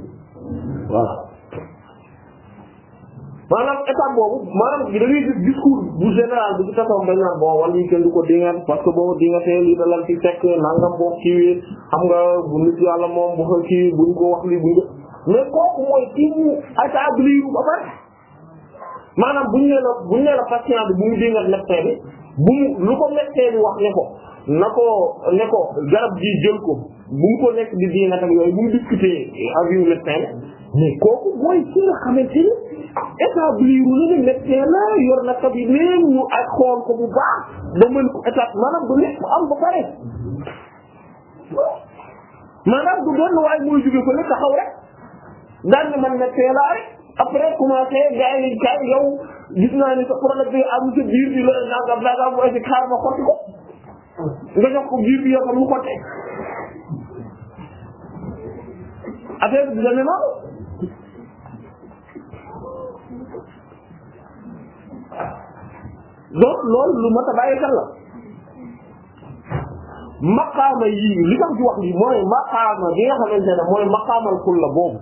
voilà. maanaam étape boobu maanaam da ngay gis discours bu général bi du taxaw dañ naan bon wàllu kenn du ko dingat parce que boo dingatee lii da lan ci fekk nangam boo kiiwee xam nga bu nit yàlla moom bu ko ba pare maanaam buñ ne la buñ ne la patient bi bu mu dingat médecin bi wax ne ko garab gi jël ko bu di dingat ak yooyu bu mu discuter avec médecin mais mooy ki nga établir na ne médecin la yor na cabinet ñu ak xool ko bu baax ba mën ko établir maanaam du lépp am ba pare maanaam du doon waaye ko lépp taxaw rek daan man médecin laa rek après commencé gars yi gars yow gis naa ni sa problème bi am sa biir bi la nangam nangam bu indi xaar ma xotti ko nga jox ko donc loolu lu mat a bàyyi xel la maqaama yii li tax di wax lii mooy maqaama bi nga xamante ne mooy maqaamal kul la boobu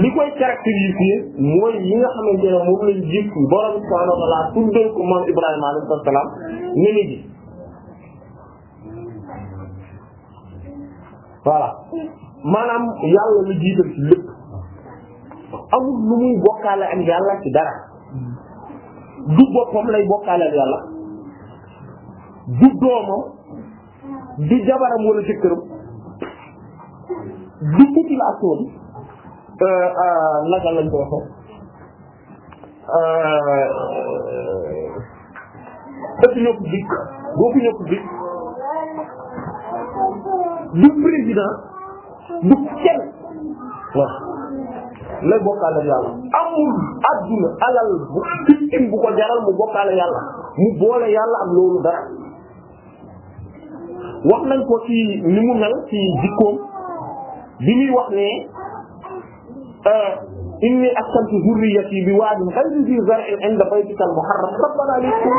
li koy caractériser mooy yi nga xamante ne moom lañ gis borom subhaanahu wa ta'aala tuddee ko moom Ibrahima alayhi salaam ne ni gi voilà maanaam yàlla la jiital ci lépp amul lu muy bokkaale ak yàlla ci dara du boppam lay bokkaaleel yàlla du doomam du jabaram wala jëkkëram du population bi euh, euh, naka lañ ko waxee euh, opinion publique opinion publique du président du kenn waaw lay bokkaale yàlla amul adduna alal bu bu jaral mu bokkaale yàlla mu boole yàlla ak loolu dara wax nañ ko ci ni mu mel ci bi muy wax ne euh, inni askantu zurriyati bi waadin ghayri zi zar'in 'inda baytika al-muharram rabbana liyuqimu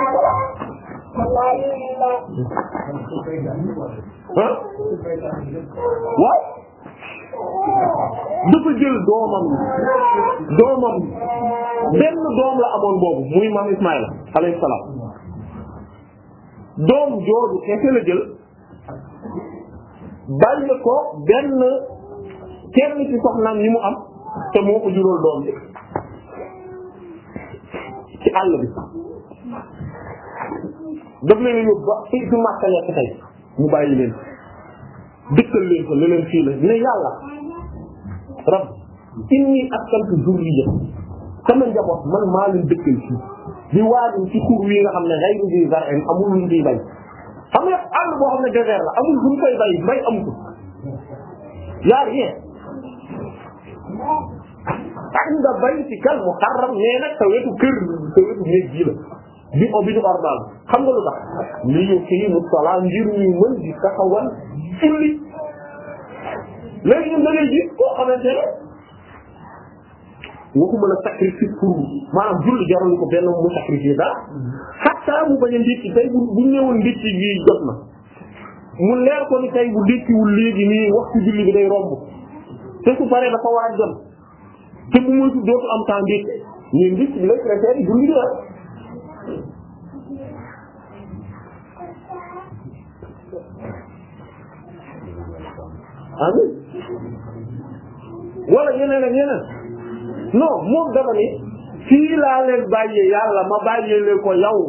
as-salata dafa jël doomam doomam benn doom la amoon boobu muy maam Ismaïla alayhi salaam doom jooju kese la jël bàyyi ko benn kenn ci soxnaam yi mu am te moo ko jural doom bi ci àll bi daf leen yóbbu ba fii ci Makka nekk tey mu bàyyi leen. dikkal leen ko ne fii la ne yàlla rab inni askantu zurriya sama njaboot man maa leen dëkkal fii di waajal ci xur wi nga xam ne ghayru di zar'in amul luñ di bay xam nga àll boo xam ne désert la koy bay bay am ko yaa rien inda baytikal muharram nee nag sa wetu kër sa wetu néeg bii la bi bi ñu ordal xam nga lu tax li ñu kii mu sola ngir ñu mën di taxawal julli léegi ñun da ngay gis koo xamante ne waxuma la sacrifice pour maanaam julli jarul ko benn mu sacrifice daal xatta mu bañ a ndékki bu bu ñëwoon ndékki jot na mu leer ko ni tey bu ndékkiwul léegi nii waxtu julli bi day romb te su paree dafa war a jot te bu moytu dootu am temps ndékki mais ndékki bi lay préféré julli bi amin wala yeneen ak yeneen non moom dafa ni fii laa leen bàyyee yàlla ma bàyyee leen ko yow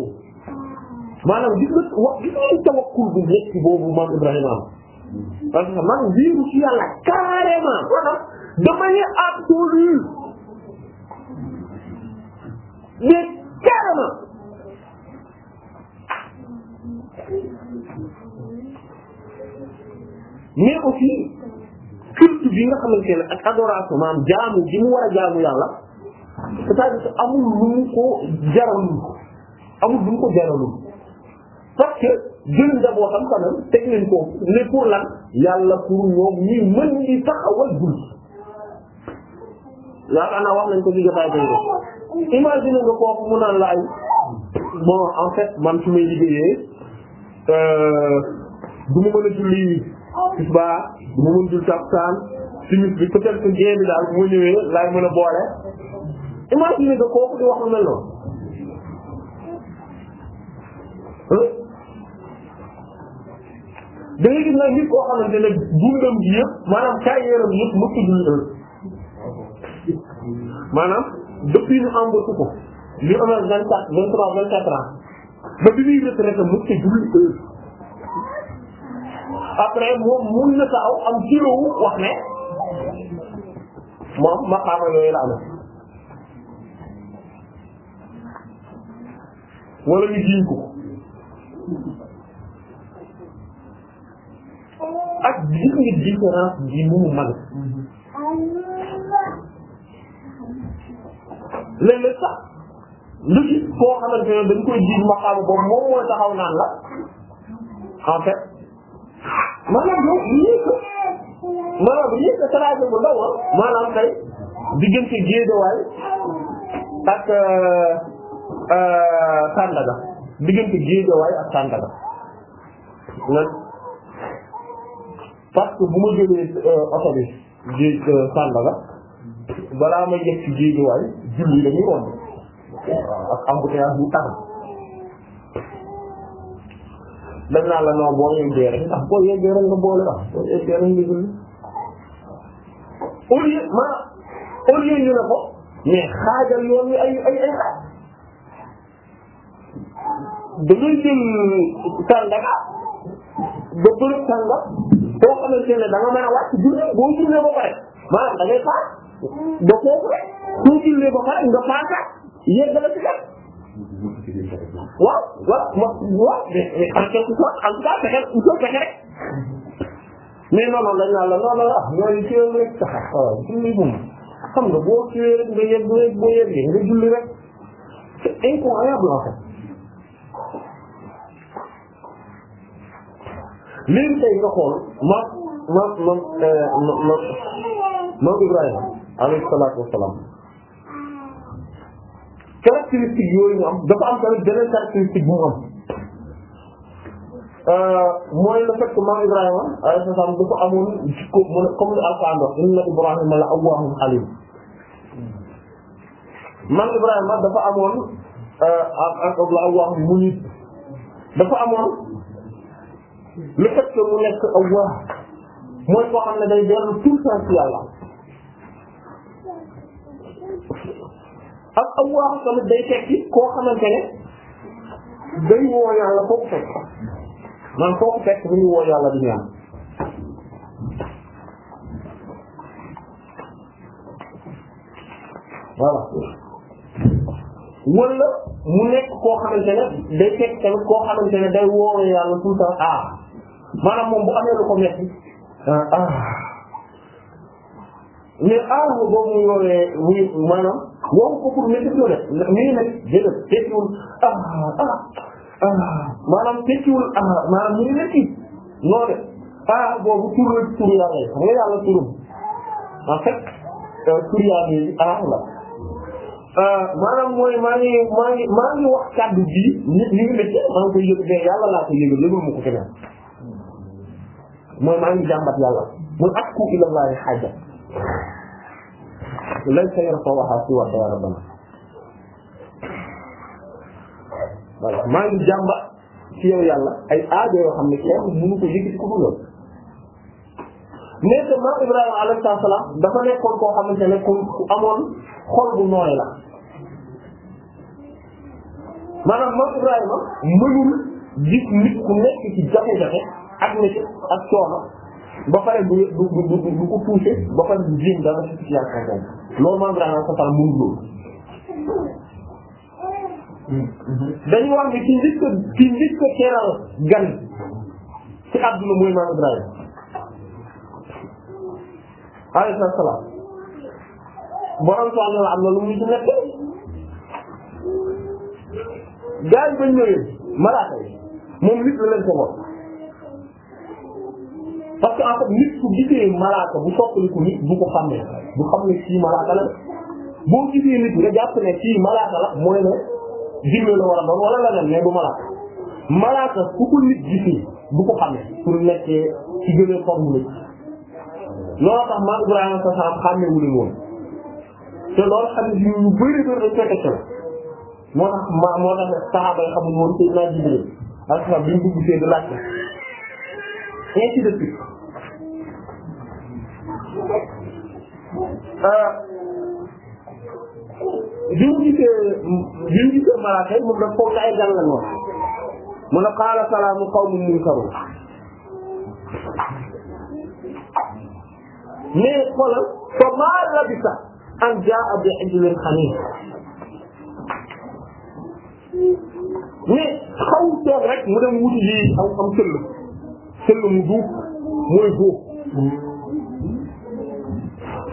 maanaam gis nga wax gis nga tawakkul bu nekk boobu maam Ibrahima am parce que man biiru ci yàlla carrément maanaam damay absolu mais carrément mais aussi culte bi nga xamante ne ak adoration maanaam jaamu bi mu war a jaamu yàlla c'est-à-dire amul lu mu ko jaralul amul lu ko jaralul parce que jël njabootam kanam teg nañ ko ne pour lan yàlla pour ñoom ñi mën di taxawal dul yaakaar naa wax nañ ko ci jotaay tey imagine nga kooku mu naan la ay bon en fait man su may liggéeyee euh, du ma mën a julli bu ma mën dul takkusaan timis bi peut-être que géej bi daal bu ma ñëwee laay mën a boole imagine que kooku di wax mel noonu da ngay gis nag nit koo ne dundam bi yëpp maanaam carrière am yëpp mësul dul heure maanaam depuis ñu embauché ko ñu amal vingt quatre vingt trois vingt quatre ans ba bi muy retraité mësul dul heure après moom mun na taxaw am jirowu wax ne moom maqaama yooyu la amee wala ñu jiñ ko ak gis nga différence bi mu mën léeg-léeg sax lu gis koo xamante ne dañ koy jiñ maqaama boobu moom mooy taxaw naan la en fait maanaam moom lii que maanaam lii que trajet bu ndaw ah maanaam tey diggante Géejawaay euh, euh, ak Sandaga diggante Géejawaay ak Sandaga parce que bu ma jëlee euh, oto bi géej Sandaga balaa ma yegg ci Géejawaay julli dañuy romb ak embouteillage bu tar dañ naa la non boo yeggee rek ndax boo yeggee rek nga boole wax boo yeggee rek nga julli au lieu ma au lieu ñu ne ko mais xaajal yoon wi ay ay ay xaaj da ngay jël sàngar ba bërëb sàngar boo xamante ne da nga mën a wàcc julli boo jullee ba pare maanaam da ngay faat ba foofu rek boo jullee ba pare nga faataat yegg la ci kat waaw waaw waaw en quelque sorte en tout cas pexe utal pexe rek mais non non dañ naan la non non ah mooy teew rek sax waaw oh, julli moom xam nga boo teewee rek nga yegg rek boo yeggee nga julli rek c'est incroyable en fait léegi tey nga xool maam maam maam euh, maam Ibrahima alayhi salaatu wa salaam caractéristique yooyu ñu am dafa am tamit beneen caractéristique bu mu am euh, mooy le fait que maam Ibrahima alayhi mu ne comme ni Alxuraan la awwaahun haliim maam Ibrahima dafa amoon euh, ak la awwaahun dafa amoon le fait que mu nekk awwaah mooy koo xam ne day dellu tout le yàlla. ak Allah tamit day tekki koo xamante ne day woo yàlla foofu fekk man foofu fekk bu ñu woo yàlla di ñaan voilà wala mu nekk koo xamante ne day tekk tamit koo xamante ne day woo yàlla tout le temps ah maanaam moom bu amee lu ko metti ah, ah. mais ah boobu muy woowee muy maanaam wax ko pour métti ko nekk déedéet tekkiwul ah ah ah maanaam tekkiwul ah, ngi métti ah, la turu yàlla yi xam nga yàlla turum en fait euh, turu yàlla yi ah, euh, maa ngi maa ngi maa ngi wax kàddu bii nit ñi ngi métti maa ngi koy yëg mais yàlla laa koy yëgal yëgal ma ko keneen mooy maa ngi jàmbat yàlla mun ak ku ilallahi xaaja laysa yarfa'uha siwaka ya rabbana voilà maa ngi jàmba ci yow yàlla ay aajo yoo xam ne kenn mënu ko yëkkati ko dul yow mais que maam Ibrahima alayhi salaam dafa nekkoon koo xamante ne ku amoon xol bu nooy la maanaam maam Ibrahima mënul gis nit ku nekk ci jafe-jafe ak métti ak coono. ba pare du du du du ko touché ba pare du jéem dara ci ci yaakaar daal loolu moom vraiment Safara mënul loolu. dañu wax ne gan ci àdduna mooy maam Ibrahima alayhi salaam borom soxna la am na lu mu ci nekk gaa yi bañ ñëwee malaaka yi moom nit la leen ko parce que en fait nit ku gisee malaaka bu soppaliku nit bu ko xam ne bu la boo gisee nit nga jàpp la mooy ne jiwee la war a doon la ne mais du malaaka malaaka ku ko nit gisee bu ko xam ne pour nekkee ci gën a formule loolu tax maam Ibrahima sa salam xàmmewu leen woon te loolu xam ne ñu bëri doon dañ koy question moo tax ma moo tax saxaaba yi xamuñu woon Seydina Jibril alhamdulilah bi mu dugg see di laajte ainsi de suite Euh, bi mu gisee bi mu gisee malaaka yi moom daf foog na ay gan la noonu mu ne qaala salaamu qawmun munkaruun mais xoolal fa maa labisa an jaa'a bi ijlin haniid mais xaw toog rek mu dem wuti lii am am sëll sëll mu duuf mooy duuf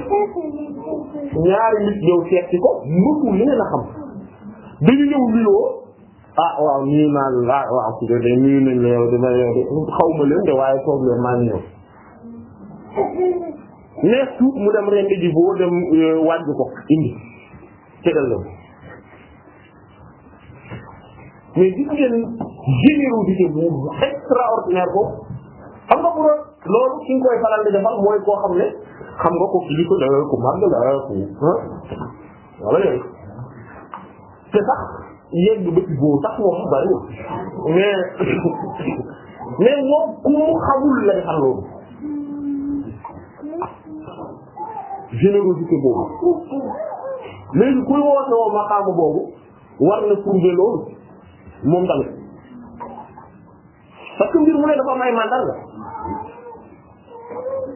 ñaari nit ñëw seet ci ko mësul leen a xam dañu ñëw nuyoo ah waaw nuyu ah waaw de de nuyu nañ la yow dina waaye toog leen maa ngi ñëw neef tuut mu dem rend ji boo dem euh, wàññi ko indi tegal la mais gis ngeen générosité boobu extraordinaire ko xam nga bu doon loolu ki nga defal mooy koo xam ne. xam nga ko kilifa la ku màgg la ku wala yooyu te sax yegg bët boobu sax moom bariwul mais mais moom ku mu xamul lay xam loolu générosité boobu léegi kuy woote woo maqaama boobu war na prouver loolu moom tamit parce que mbir mu ne dafa am ay mandal la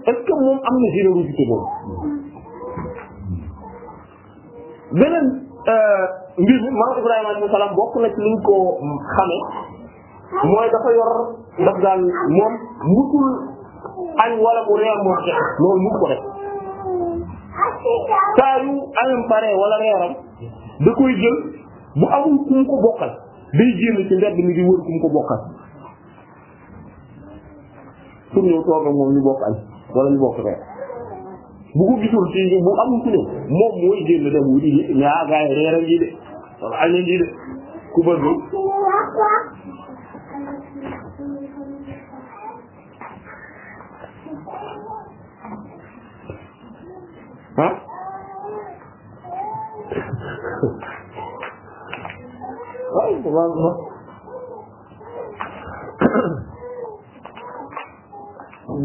est moom am na générosité boobu beneen euh, mbir mi maam Ibrahima alayhi salaam bokk na ci liñ ko xame mooy dafa yor daf daan moom musul añ wala bu reer moo xeex loolu mën ko def saa yu añam pare wala reeram da koy jël bu amul ku mu ko bokkal day génn ci mbedd mi di wër ku mu ko bokkal pour ñëw toog moom ñu bokk wala ñu bokk rek bu ko gisul ci bu amul ci ñoom moom mooy génn dem wuti yi mais ah gars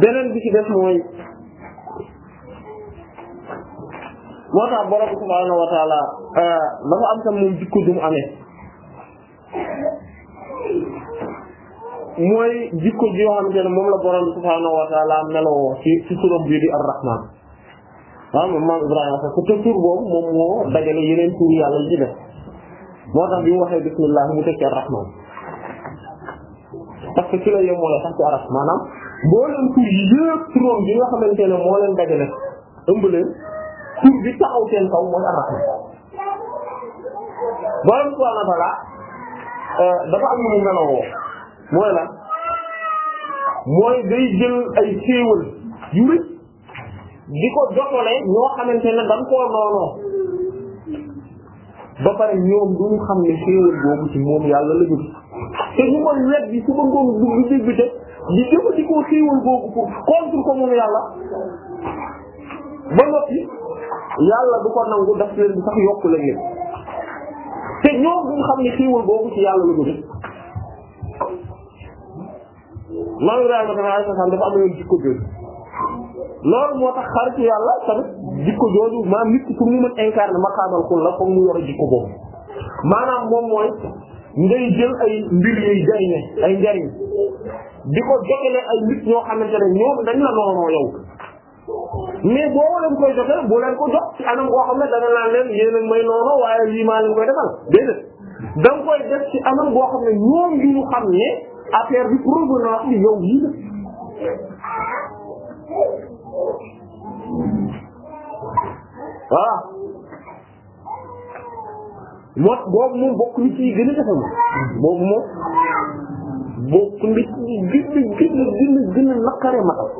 beneen bi ci def mooy moo tax borom subhaanahu wa taala euh, dafa am tam moom jikko ju amee mooy jikko ji yoo xamante ne moom la borom subhaanahu wa taala meloo ci ci turam bii di ar-rahman maam Ibrahima sax moo yàlla moo tax bi mu waxee bismillah mu tekki ar-rahman parce que ci la yemoo la sax ci araf maanaam. mboolem tur yi yëpp turam bi nga xamante ne moo leen dajale ëmb leen tur bi taxaw seen kaw mooy arrahman borom subhanahu wa ta'ala euh, dafa am lu mu meloo mooy la mooy day jël ay xéewal yu rëy di ko jotale ñoo xamante ne dañ koo noonoo ba pare ñoom duñu xam ne xéewal boobu ci moom yàlla la jóg te ñu mën wet bi su bëggoon dugg dégg te di jëfandikoo xéewal boobu pour contre ko moom yàlla ba noppi yàlla du ko nangu daf leen di sax yokk la leen te ñoom duñ xam ne xéewal boobu ci yàlla la jóge maam Ibrahima tamit alayhi salaam dafa am yoon jikko jooju loolu moo tax xaritu yàlla tamit jikko jooju maam nit ki pour mu mën incarner maqaamal xul la foog mu yor a jikko boobu maanaam moom mooy ngay jël ay mbir yooyu jariñe ay njariñ di ko jotele ay nit ñoo xamante ne ñoom dañ la noonoo yow mais boo leen koy joxe bu leen ko jox ci anam koo xam ne dana naan leen yéen a may noonoo waaye lii maa leen koy defal déedéet da nga koy def ci anam boo xam ne ñoom yi ñu xam ne affaire bi provenance bi yow yii la voilà moo boobu moom bokk ni ci gën a moom bokk ni ci gën a gën naqare matal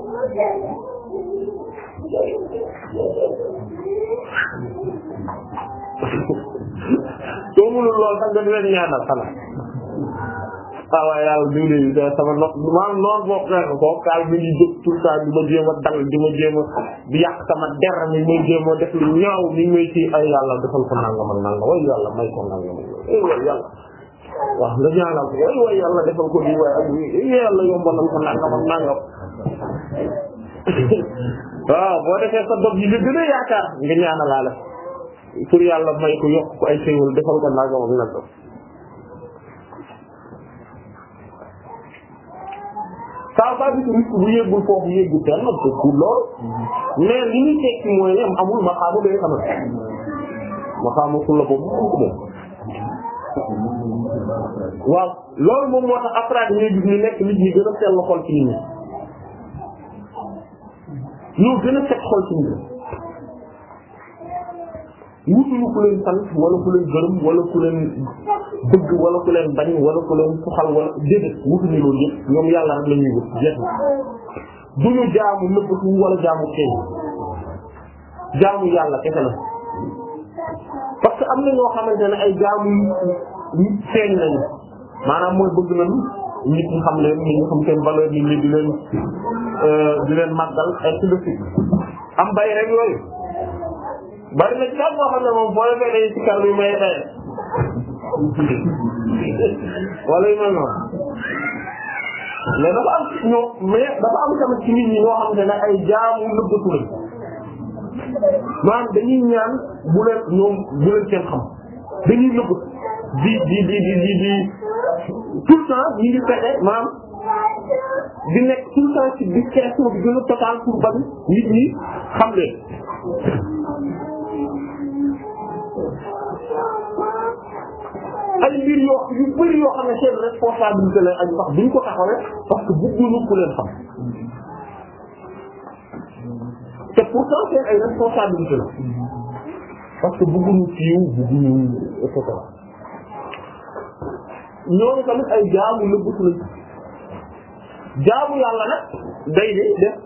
soo mënul lool sax di leen ñaanal xanaa ah waaye yàlla diw de sama no maanaam noonu boo xeex ko kaay mi ngi jóg tout le temps di ma jéem a dal di ma jéem a di yàq sama der mi may jéem a def lu ñaaw mi may ci ay yàlla defal ko nangam ak nangam way yàlla may ko nangam ak nangam way yàlla waaw nga ñaanal ko way way yàlla defal ko lii way ak lii yàlla yombalal ko nangam ak nangam waaw boo defee sa dog yi nga gën a yaakaar nga ñaanalaale pour yàlla may ko yokk ko ay xéewal defal ko nangam ak nangam ça va dire risque bu yéegul foofu yéegul benn dëkku lool mais li ñu tekki mooy amul maqaamu day xamal maqaamu sulla boobu ko moom waaw loolu moom moo tax après ñuy gis ñu nekk nit ñi gën a sell xol ci nit ñi ñoo gën a set xol ci nit wutuñu ku leen sant wala ku leen gërëm wala ku leen bëgg wala ku leen bañ wala ku leen soxal wala déedéet wutuñu loolu yëpp ñoom yàlla rek la ñuy wut jeex na duñu jaamu nëbbatu wala jaamu teew jaamu yàlla kese la parce que am na ñoo xamante ne ay jaamu yu feeñ lañu maanaam mooy bëgg nañu nit ñi xam leen nit ñi xam seen valeur nit ñi di leen euh, di leen màggal ay suñu am bay rek yooyu. bari na ci moo xam ne moom boo defee dañuy si kàddu may xëy wala yu mel noonu mais dafa am ñoo mais dafa am tamit ci nit ñi ñoo xam ne nag ay jaamu nëbbatu lañ maanaam dañuy ñaan bu leen ñoom bu leen kenn xam dañuy nëbb di di di di di di tout le temps ñu ngi fexe maanaam di nekk tout le temps ci discrétion bi gën a total pour bañ nit ñi xam leen ay mbir yoo yu bëri yoo xam ne seen responsabilité lay ko taxawee parce que bëgguñu ku leen xam te pourtant seen ay responsabilité la parce que bëgguñu siiw bëgguñu et cetera ñooñu tamit ay jaamu lëbb si lañ jaamu yàlla nag day de def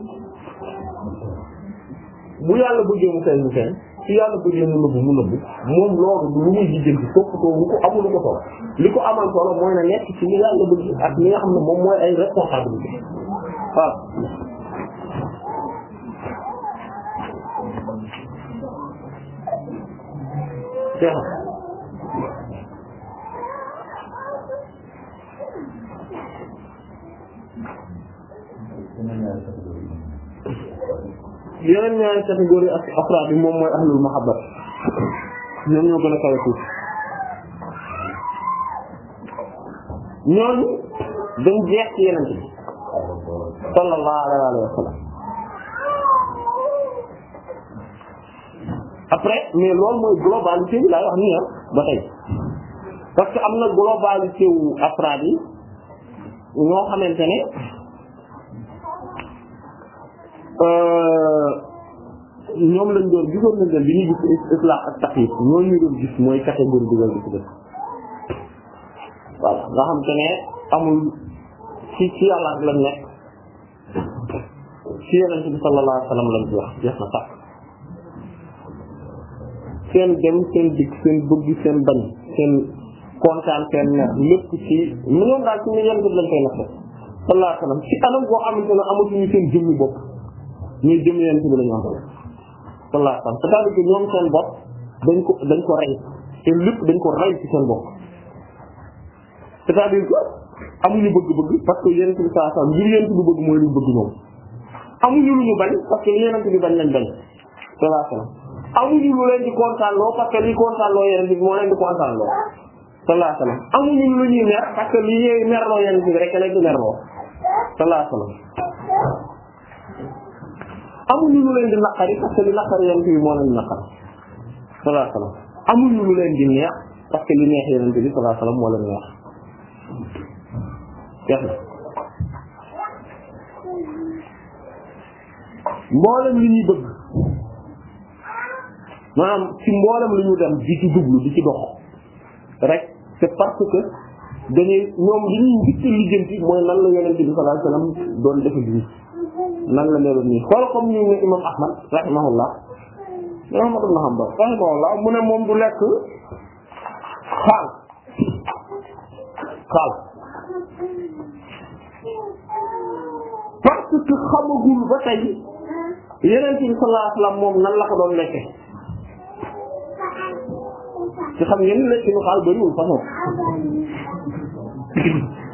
bu yàlla bëggee mu feeñ ci yàlla bëggee mu nëbb mu nëbb moom loolu du lu muy jigéen ci toppatoo wu ko amul ko solo li ko amal solo mooy na nekk ci li yàlla bëgg ak li nga xam ne moom mooy ay responsabilité waaw yeneen ñaari catégorie ak afraad yi moom mooy ahlul mahabba ñoom ñoo gën a kawe tuuti ñooñu dañ jeex ci yeneen bi sallallahu alayhi wa sallam après mais loolu mooy globalité bi laay wax nii ah ba tey parce que am na globalité wu afraad xamante ne Euh, ñoom lañ doon gisoon nañ leen bi ñuy gis islaax ak ñoo ñu doon gis mooy catégorie bi nga gis voilà nga xam te ne amul ci ci yàlla nekk ci yonent bi sallallahu alayhi wa lañ ci wax jeex na sax seen dem seen dikk seen bëgg seen bañ seen kontaan seen neex lépp ci ñoom daal ci ñu yonent bi lañ koy natt sallallahu alayhi wa sallam ci anam boo xamante ñuy jëm yonent bi la ñu waxal sallallahu alayhi wa sallam cest ñoom seen bopp dañ ko dañ ko rey te lépp dañ ko rey ci seen bopp c'est-à-dire amuñu bëgg-bëgg parce que yonent bi sallallahu alayhi wa sallam li bi bëgg mooy lu bëgg ñoom amuñu lu ñu bañ parce que li yonent bi bañ lañ bañ sallallahu alayhi wa sallam amuñu lu leen di parce que li ñuy mer parce que li rek lañ di merloo sallallahu amuñu lu leen di naqari parce que li naqari yonent bi moo leen di neex parce que li neex yonent bi sallallahu alayhi wasallam moo leen neex jeex na mboolem li ñuy bëgg maanaam ci mboolem li ñu dem di ci jublu di ci dox rek c'est parce que dañuy ñoom li ñuy njëkk a lijjanti mooy lan la yonent bi sallallahu alayhi wasallam doon defe bi nan la meloon nii xool comme ñu ahmad rahimahullah ahmad ibn mu ne moom du lekk xaal xaal parce que xamagul ba tey yeneen bi sallallahu alayhi wasallam moom nan la ko doon lekke ci xam ngeen lekk nu xaal bariwul façon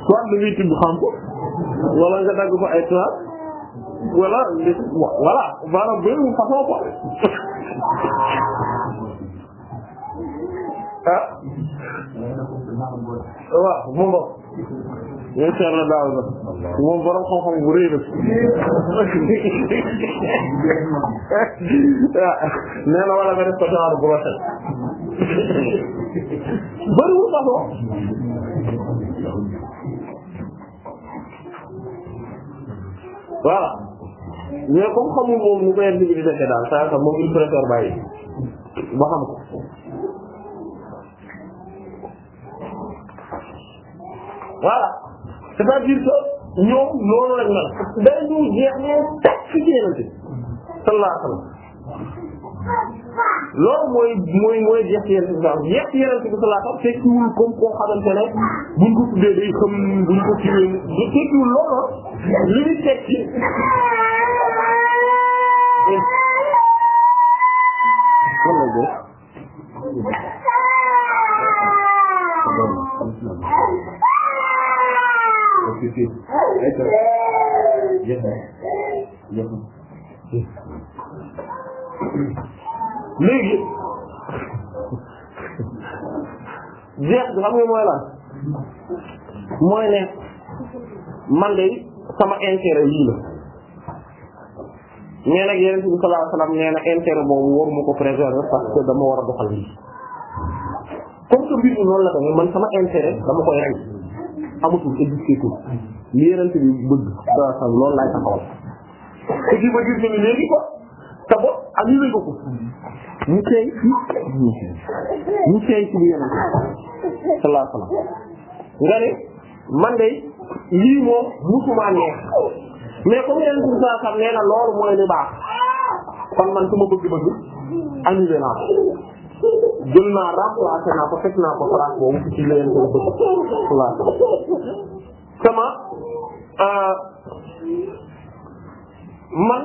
soit da ngay tibb xam ko wala nga dagg fa ay voilà voilà maanaam bëriwul façon mu ngo incha allah daaw na moom borom xam-xam bu rëy la waaw ah, nee na wala nga def ko genre bu rafet bëriwul mais comme xamul ñu koy di defee daal saa yoo ba xam ko. voilà c'est-à-dire que ñoom loolu lañ mel day ñu jeex ne teg fi ci yeneen ci sallallahu alayhi wasallam loolu mooy mooy mooy jeex ci yeneen ci jeex ci yeneen ci sallallahu alayhi wasallam tekkiwul comme koo xamante ne buñ ko tuddee day xam buñ ko tuddee tekkiwul loolu léegi jeex bi xam nga mooy lan mooy ne man de sama intérêt yii la mais nag bi sallallahu alayhi wasallam nee na intérêt boobu ko préserver parce que dama war a doxal lii comme que mbir mi noonu la tamit man sama intérêt dama koy rey amatul bi bëgg sallallahu alayhi wasallam loolu bu yeneen sallallahu alayhi nga ne man lii moom musuma neex mais comme yeneen bi saa sax nee na loolu mooy li baax kon man su ma bëgg-bëgg annulé naa ko jël naa remplacé naa ko fekk naa ko place boobu ci li yeneen bi bëgg waaw sama euh, man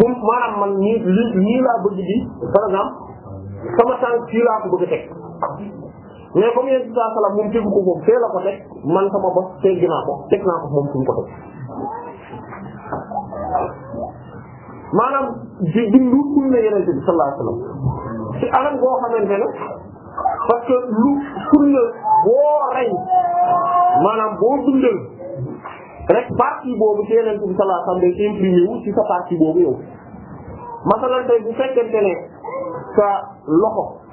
bu maanaam man nii laa bëgg bi par exemple sama tànk fii laa ko bëgg a mais comme yéen saa salaam moom tegu ko foofu fee ko teg man sama bopp teggi naa ko teg naa ko moom fu mu ko teg maanaam di dundu sunna yeneen bi sallallahu alayhi wasallam ci anam goo xamante ne parce que lu sunna boo rey maanaam boo dundal rek partie boobu ci yeneen bi sallallahu alayhi wasallam day imprimé wu ci sa partie boobu yow masalan tey bu fekkente ne sa loxo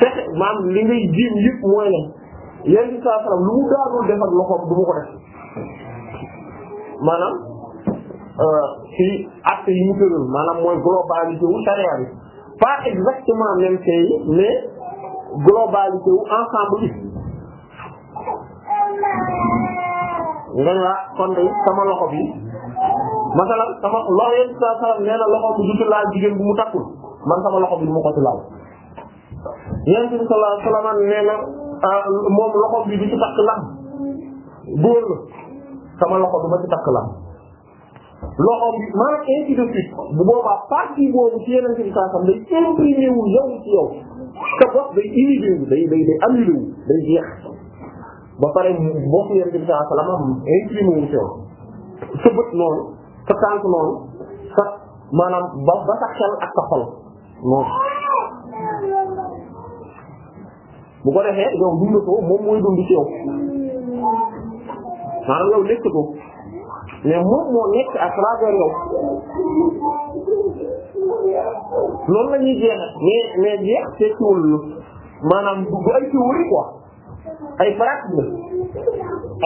fexe maanaam li ngay jiw yëpp mooy ne yéen ci saa salaam lu mu daanul defar loxoom du ma ko def maanaam euh, ci acte yi mu tëral maanaam mooy globalité wu charia bi pas exactement même tey mais globalité wu ensemble bi. nga ne ah, kon sama loxo bi masalan sama loxo yéen ci saa salaam nee jigéen bu mu takkul man sama loxo bi du ma ko ci laal. yonent bi sallallahu alayhi wa sallam nee na ah, moom loxo bi du ci takk lam góor la sama loxo du ma ci takk lam loxo bi maanaam ainsi de suite bu boobaa partie boobu ci yonent bi sallallahu alayhi wa sallam day imprimé wu yow ci yow te bi sallallahu alayhi wa sallam imprimé wu ci yow noonu sa tànk noonu sa maanaam ba ba sa xel ak sa xol noonu. bu ko defee yow dundatoo moom mooy dund ci yow maanaam yow nekkatoo mais moom moo nekk à travers yow loolu la ñuy jeex mais mais jeex tekkiwul maanaam du ay théorie quoi ay pratique la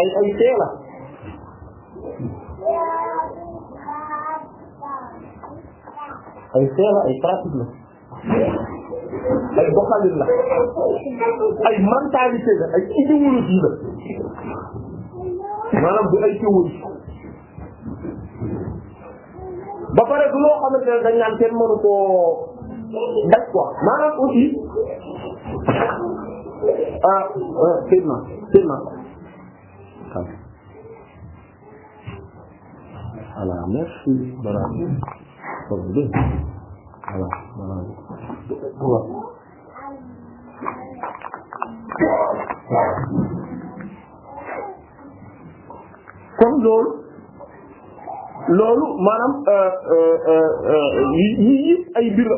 ay ay tee la ay tee la ay pratique la ay doxalin la ay mentalité la ay idéologie la maanaam du ay théorie ba pare du loo xamante ne dañ naan kenn mënu koo daj quoi maanaam aussi ah sëñ na sëñ na voilà merci. voilà. kon loolu loolu maanaam euh, euh, euh, yii yii ay mbir la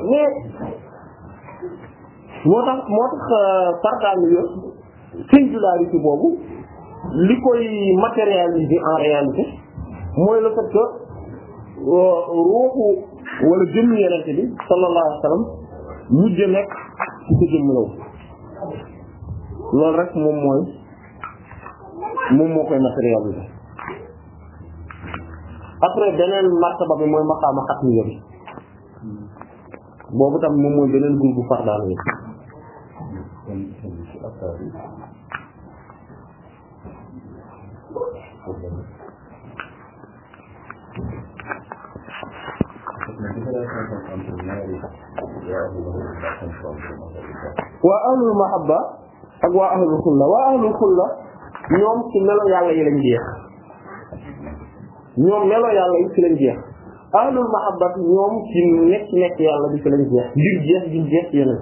moo tax moo tax partage yooyu singularité boobu li koy matérialiser en réalité mooy le fait ruuxu wala jëmmi yeneen bi sallallahu alayhi mujj nekk ci sa jëmm law loolu rek moom mooy moom moo koy matérialiser après beneen martaba bi mooy maqaama xatmiya bi boobu tam moom mooy beneen gur bu fardaal bi waa ahlul mahabba ak waa ahlul xulla waa ahlul xulla ñoom ci melo yàlla yi lañ jeex ñoom melo yàlla yi ci lañ jeex ahlul mahabbat ñoom ci nekk nekk yàlla bi ci lañ jeex ngir jeex ngir jeex yeneen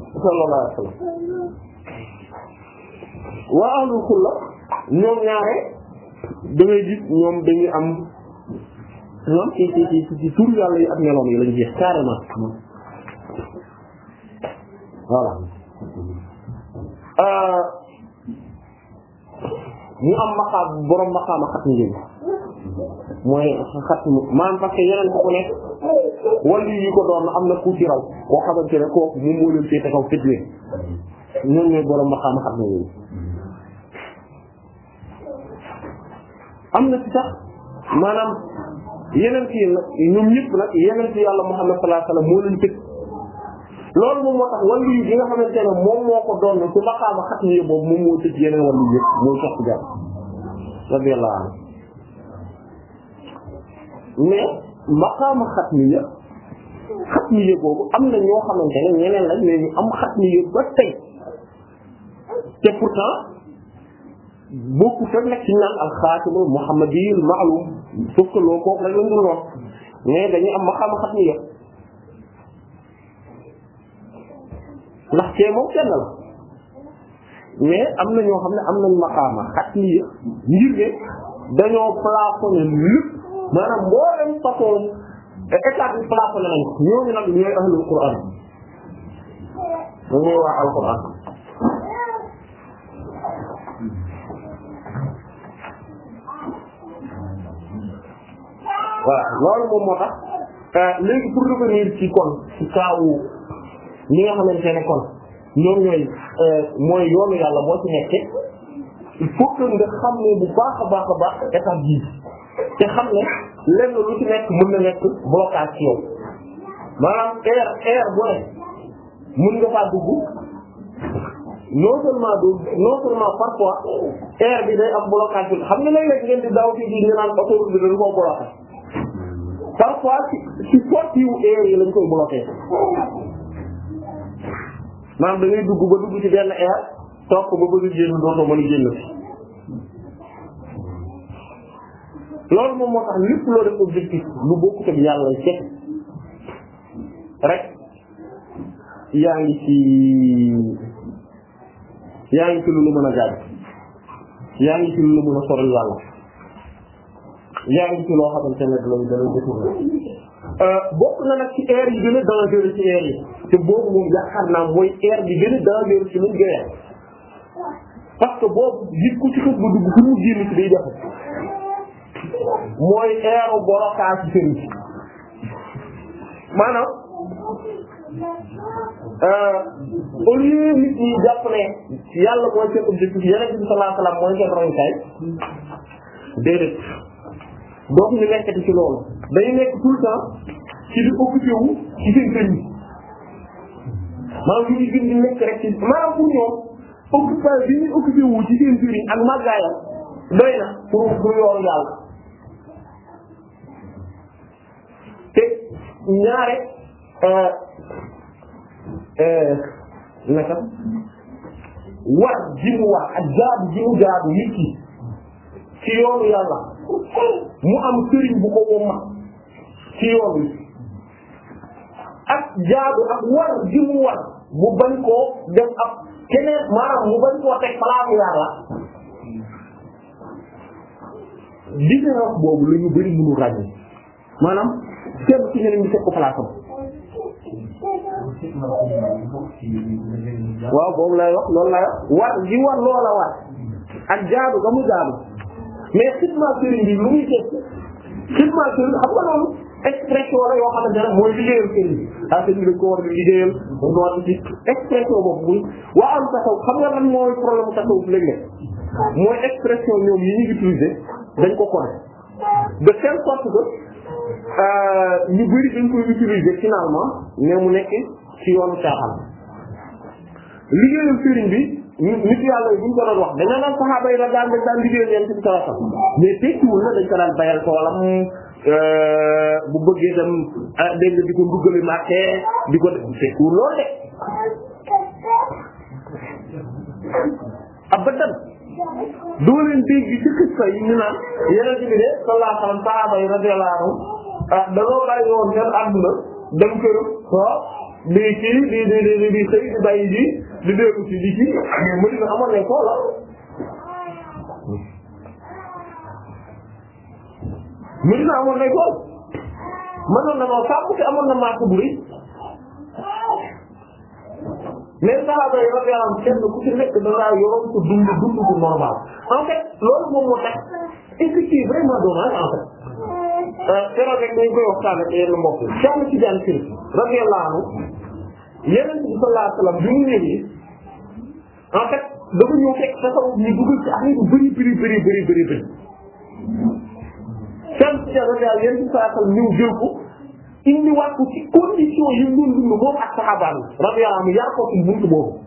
bi sallallahu alayhi xulla ñoom ñaare da ngay ñoom dañuy am ñoom ci ci ci tur yàlla yi ak meloom yi lañ jeex carrément voilà euh, ñu am maqaam borom maqaama xat njëg mooy xat mu maanaam parce yeneen ko ku nekk wàllu yi ko doon am na ku ci raw koo xamante ne kooku moom moo leen féete kaw fëj leen ñoom ñooy borom maqaama xat njëg am na ci sax maanaam. yeneen yi nag ñoom ñëpp nag yeneen ci yàlla Muhammad sallallahu alayhi wasallam moo leen tëj loolu moom moo tax wàllu yi bi nga xamante ne moom moo ko doon ci maqaama xatmiya boobu moom moo tëj yeneen wàllu yëpp mooy soxku jàll radiyallahu anhu mais maqaama xatmiya xatmiya boobu am na ñoo xamante ne ñeneen lañ mais ñu am xatmiya ba tey te pourtant bokkut ak nag ci naan al xaatimul muhammadiyul ma'lum sauf que loolu kooku rek lañ doon mais dañuy am ma xam-xam ndax kee moom kenn la mais am na ñoo xam ne am nañ maqaama xat lii ngir ne dañoo plafonné lépp maanaam mboolem façon état bi plafonné nañ ko ñooñu nag ñooy ahlul Qur'an ñooy waa al Qur'an voilà loolu moom moo tax euh, léegi pour revenir ci kon ci kaawu ñi nga xamante ne kon ñoom ñooy euh, mooy yoonu yàlla moo ci nekke il faut xam ne bu baax a baax a baax état bii te xam ne lenn lu ci nekk mën na nekk blocage ci yow maanaam air air bu ne mën nga faa dugg non seulement du non seulement parfois air bi day am blocage bi xam nga léeg-léeg ngeen di daw fii di ñu naan autoroute bi dañu koo bloqué parfois ci ci sortie wu air yi lañ koy bloqué maanaam da ngay dugg ba dugg ci benn air toog ba bëgg a génn dootoo mën a génn loolu moom moo tax lépp loo def objectif lu bokkut ak yàlla set rek yaa ngi ci yaa ngi ci lu la mën a gàdd yaa ngi ci lu la a soril yàlla yaa ngi ci loo xamante ne dinañ danañ détourné euh, bokk na nag ci air yi gën a dangereux ci air yi te boobu moom yaakaar naa mooy air bi gën a dangereux ci luñ gënee parce que boobu nit ku ci xës ba dugg fu mu génn ci day jafe mooy airu borokaas ci sëriñ maanaam euh, au lieu nit ñi jàpp ne yàlla mooy seen objectif yeneen bi sallallahu alayhi wasallam mooy seen royukaay déedéet dootuñu nekkati ci loolu dañu nekk tout le temps ci di occupé wu ci seen famille maanaam ñu ngi gën di nekk rek ci maanaam pour ñoom occupé bi ñuy occupé wu ci seen famille ak màggaayam doy na pour pour euh, euh, naka war ji mu war ak ji mu jaadu nit ki ci yoonu yàlla. mu am sëriñ bu ko wommat ci yoon wi ak jaadu ak war ji mu war mu bañ koo def ab keneen maanaam mu bañ koo teg palaamu yàlla différence boobu la ñu bëri mënu ràññee maanaam seen ci ñeneen ñi teg ko palaasam waaw boobu lay wax loolu lay wax war ji war loola war ak jaadu ga mu jaadu mais xidma sëriñ bi lu muy tekki xidma sëriñ xam nga loolu expression la yoo xamante ne mooy liggéeyal sëriñ bi ah sëriñ bi ko war di liggéeyal noonu ci expression boobu muy waa am taxaw xam nga lan mooy problème taxaw léeg-léeg mooy expression ñoom yi ñu utiliser dañ ko kone de telle sorte que euh, ñu bëri dañ koy utiliser finalement mais mu nekk ci yoonu caaxaan liggéeyal sëriñ bi nit yàlla yi bu ñu ko doon wax dañoo naan saxaaba yi la daan dañ daan liggéeyal leen ci biir mais ko daan bayal toolam euh, bu bëggee dem ah, di ko nduggali di ko tekkiwul de. abadan doo leen dégg ci xissa yi ñu naan yeneen bi de sallallahu alayhi wa sallam saxaaba yi radiyallahu anhu ah danoo kër waaw. day kii day day day day xëy di bàyyi ji di déglu ci di kii mais mëni na amoon nañ soxla mëni na amoon nañ soxla mënoon na noo sàpp te amoon na marché bu rëy mais sahaaba yi radiyallahu anhum kenn ku ci nekk dangaa yoroon ko dund dund bu normal en fait loolu moom moo tax est-ce que c'est vraiment dommage en fait euh, keroog rek dañ koy waxtaan ak yenn mbokk yi. Cheikh Tidiane Sy radiyallahu anhu yeneen bi sallallahu bi mu ñëwee en fait dafa ñëw fekk tasawuf ñu dugal ci affaire yu bëri bëri bëri bëri bëri bëri seen seetal yeneen bi sallallahu alayhi wasallam ñëw jël ko indiwaat ko ci yi mu doon dund moom ak saxaabaan radiyallahu anhu yar ko ci buntu boobu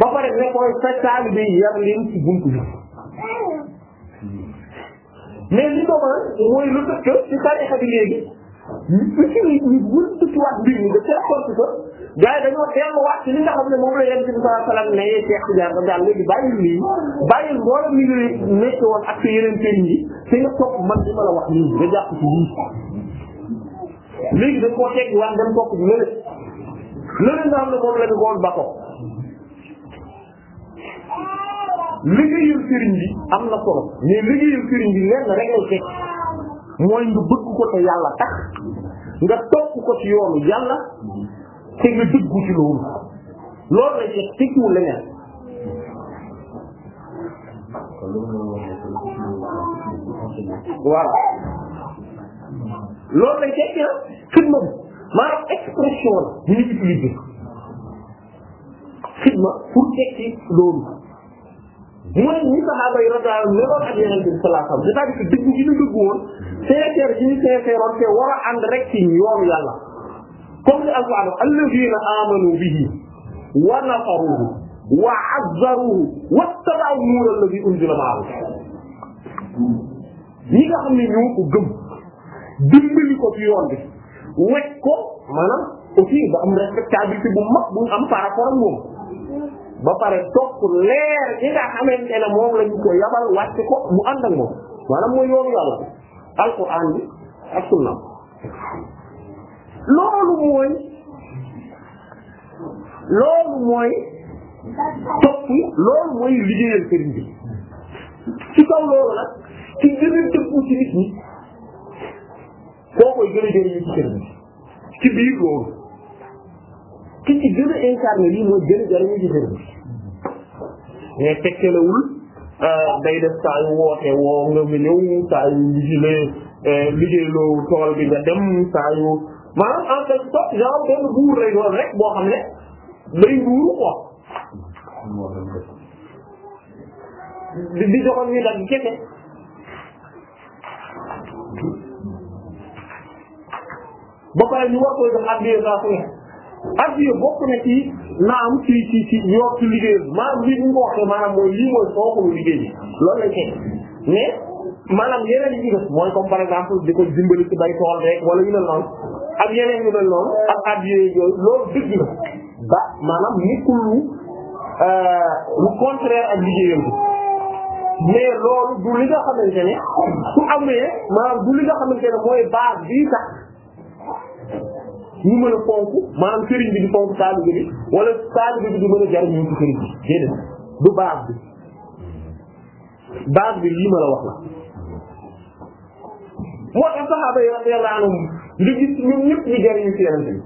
ba pare ne koy sa taalibe yar leen ci buntu bi mais li doman lu tëkk ci tarixa bi léegi ñu utili ñu wër dëkkiwaat mbir mi de telle sorte que gars yi dañoo delluwaat ci li nga xam ne moom la yéen ci sallallahu alayhi wasallam ne Cheikh Tidiane radiyallahu anhu bàyyi nga topp man li ma la wax nii nga jàpp ci lii. léegi dañ koo teg wax dem topp ci leneen nga xam ne moom la ñu woon ba na solo mais liggéeyal sëriñ bi lenn rek mooy nga bëgg ko te yàlla tax nga topp ko ci yoonu yàlla. te nga dëggu ci loolu loolu la ñuy tekkiwul leneen. voilà loolu lañ tekki ah xidma bi maanaam expression la ñu ngi utilisé xidma pour tekki loolu mooy ñi saxaaba yi radiyallahu anhum ak yeneen bi sallallahu alayhi wasallam c'est-à-dire que dëgg gi ñu dëgg woon sincère gi ñu sincère woon te war a ànd rek ci yoonu yàlla. comme ni alquran alladhina amanu bihi wa nafaruhu wa azzaruhu wattaba'u nuura alladhi unzila ma'ahu ñi nga xam ne ñoo ko gëm dimbali ko ci yoon bi wecc ko maanaam aussi ba am respectabilité bu mag bu am par rapport ak moom ba pare topp leer gi nga xamante ne moom lañu ko yabal wàcc ko mu ànd ak moom maanaam mooy yoonu yàlla alquran bi ak sunna loolu mooy loolu mooy topp loolu mooy liggéeyal sëriñ bi ci kaw loolu nag ci gën a dëggu ci nit ñi koo koy gën a jëriñu ci sëriñ bi ci biir loolu ki ci gën a incarné lii mooy gën a jëriñu ci sëriñ bi mais tekkelewul euh, day def saa yu woote woo nga mu ñëw saa yu liggéey euh, liggéeyloo tool bi nga dem saa yu maanaam en quelque sorte genre benn buur lay doon rek boo xam ne day buuru quoi. di di joxoon ñu dagg kese. ba pare ñu war koy def addiya saa su ne addiya bokk na ci naam ci ci ci yor ci liggéey bi maanaam lii bu ñu ko waxee maanaam mooy lii mooy sooxalu liggéey bi loolu lañ teg mais. maanaam yeneen yi ñu def mooy comme par exemple di ko dimbali ci bay tool rek wala yu mel noonu ak yeneen yu mel noonu ak addiye yooyu loolu dëgg la ba maanaam nekkul lu euh, lu contraire ak liggéeyam bi mais loolu du li nga xamante ne su amee maanaam du li nga xamante ne mooy base bii tax ñu mën a fonk maanaam sëriñ bi di fonk taalibe bi wala taalibe bi di mën a jariñu ci sëriñ bi déedéet du base bi base bi lii ma la wax la moo tax saxaaba yi radiyallahu li gis ñun ñëpp ñu jariñu ci yonent bi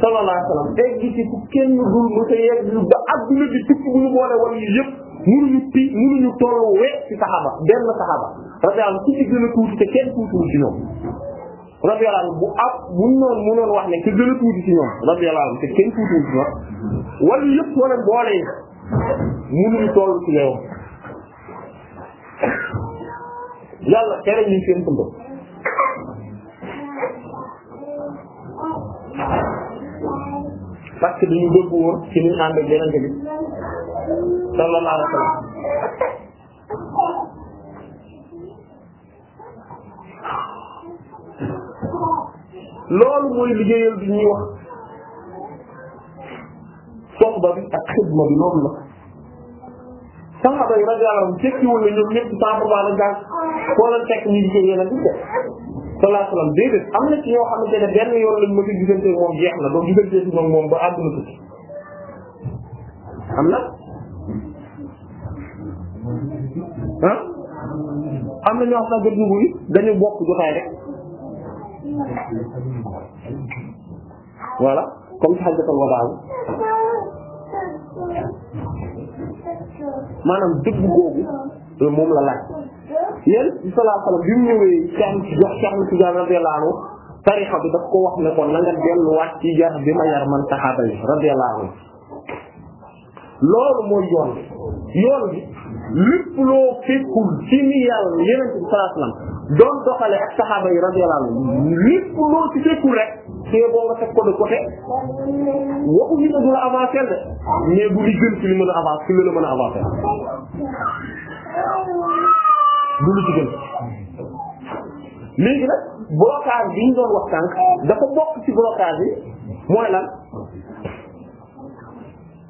sallallahu alayhi wa sallam egg ci ku kenn dul mu sa yegg ba adduna bi tukki bu ñu boole wala yi yëpp mënuñu ti mënuñu tolloo wéet ci saxaaba benn saxaaba radiyallahu ku ci gën a tuuti te kenn tuutiwul ci ñoom radiyallahu bu ab bu noonu mu noonu wax ne ki gën a ci ñoom radiyallahu te kenn tuutiwul ci ñoom wala yëpp soo leen boole yi mënuñu toll ci yow yàlla tere ñu seen tund parce que dañu dëgg woon ci liñ ànd ak yeneen bi sallallahu alayhi wa sallam loolu mooy liggéeyal bi ñuy wax soxba bi ak xidma bi noonu la saxaaba yi radiyallahu anhum tekkiwul ne ñoom ñëpp cent pour cent lañ daan foo leen fekk ñu liggéey yeneen bi sallallahu alayhi wasallam déedéet am na ci ñoo xamante ne benn yoon lañ mën a gisante moom jeex na doo gisante ci moom moom ba àdduna tukki am na ah am na ñoo xam ne dugg yi dañu bokk jotaay rek voilà comme hajjatul wadaa maanaam dëgg googu moom la laaj yéen sallallahu alayhi wasallam bi mu ñëwee Cheikh Cheikh Ahmad Tidiane radiyallahu anhu tarixa bi daf ko wax ne ko na nga delluwaat ci yar bi ma yar man saxaaba yi radiyallahu anhu loolu mooy yoon bi yoon bi lépp loo fekkul ci ni yàlla yeneen bi sallallahu alayhi wasallam doon doxale ak saxaaba yi radiyallahu anhu lépp loo ci fekkul rek c'est boo nga teg ko de côté waxu ñu ne du la avancer de mais bu li gën ci li mën a avancer ci li la mën a avancer du lu ci gën bi ñu doon wax dafa bokk ci blocage yi mooy lan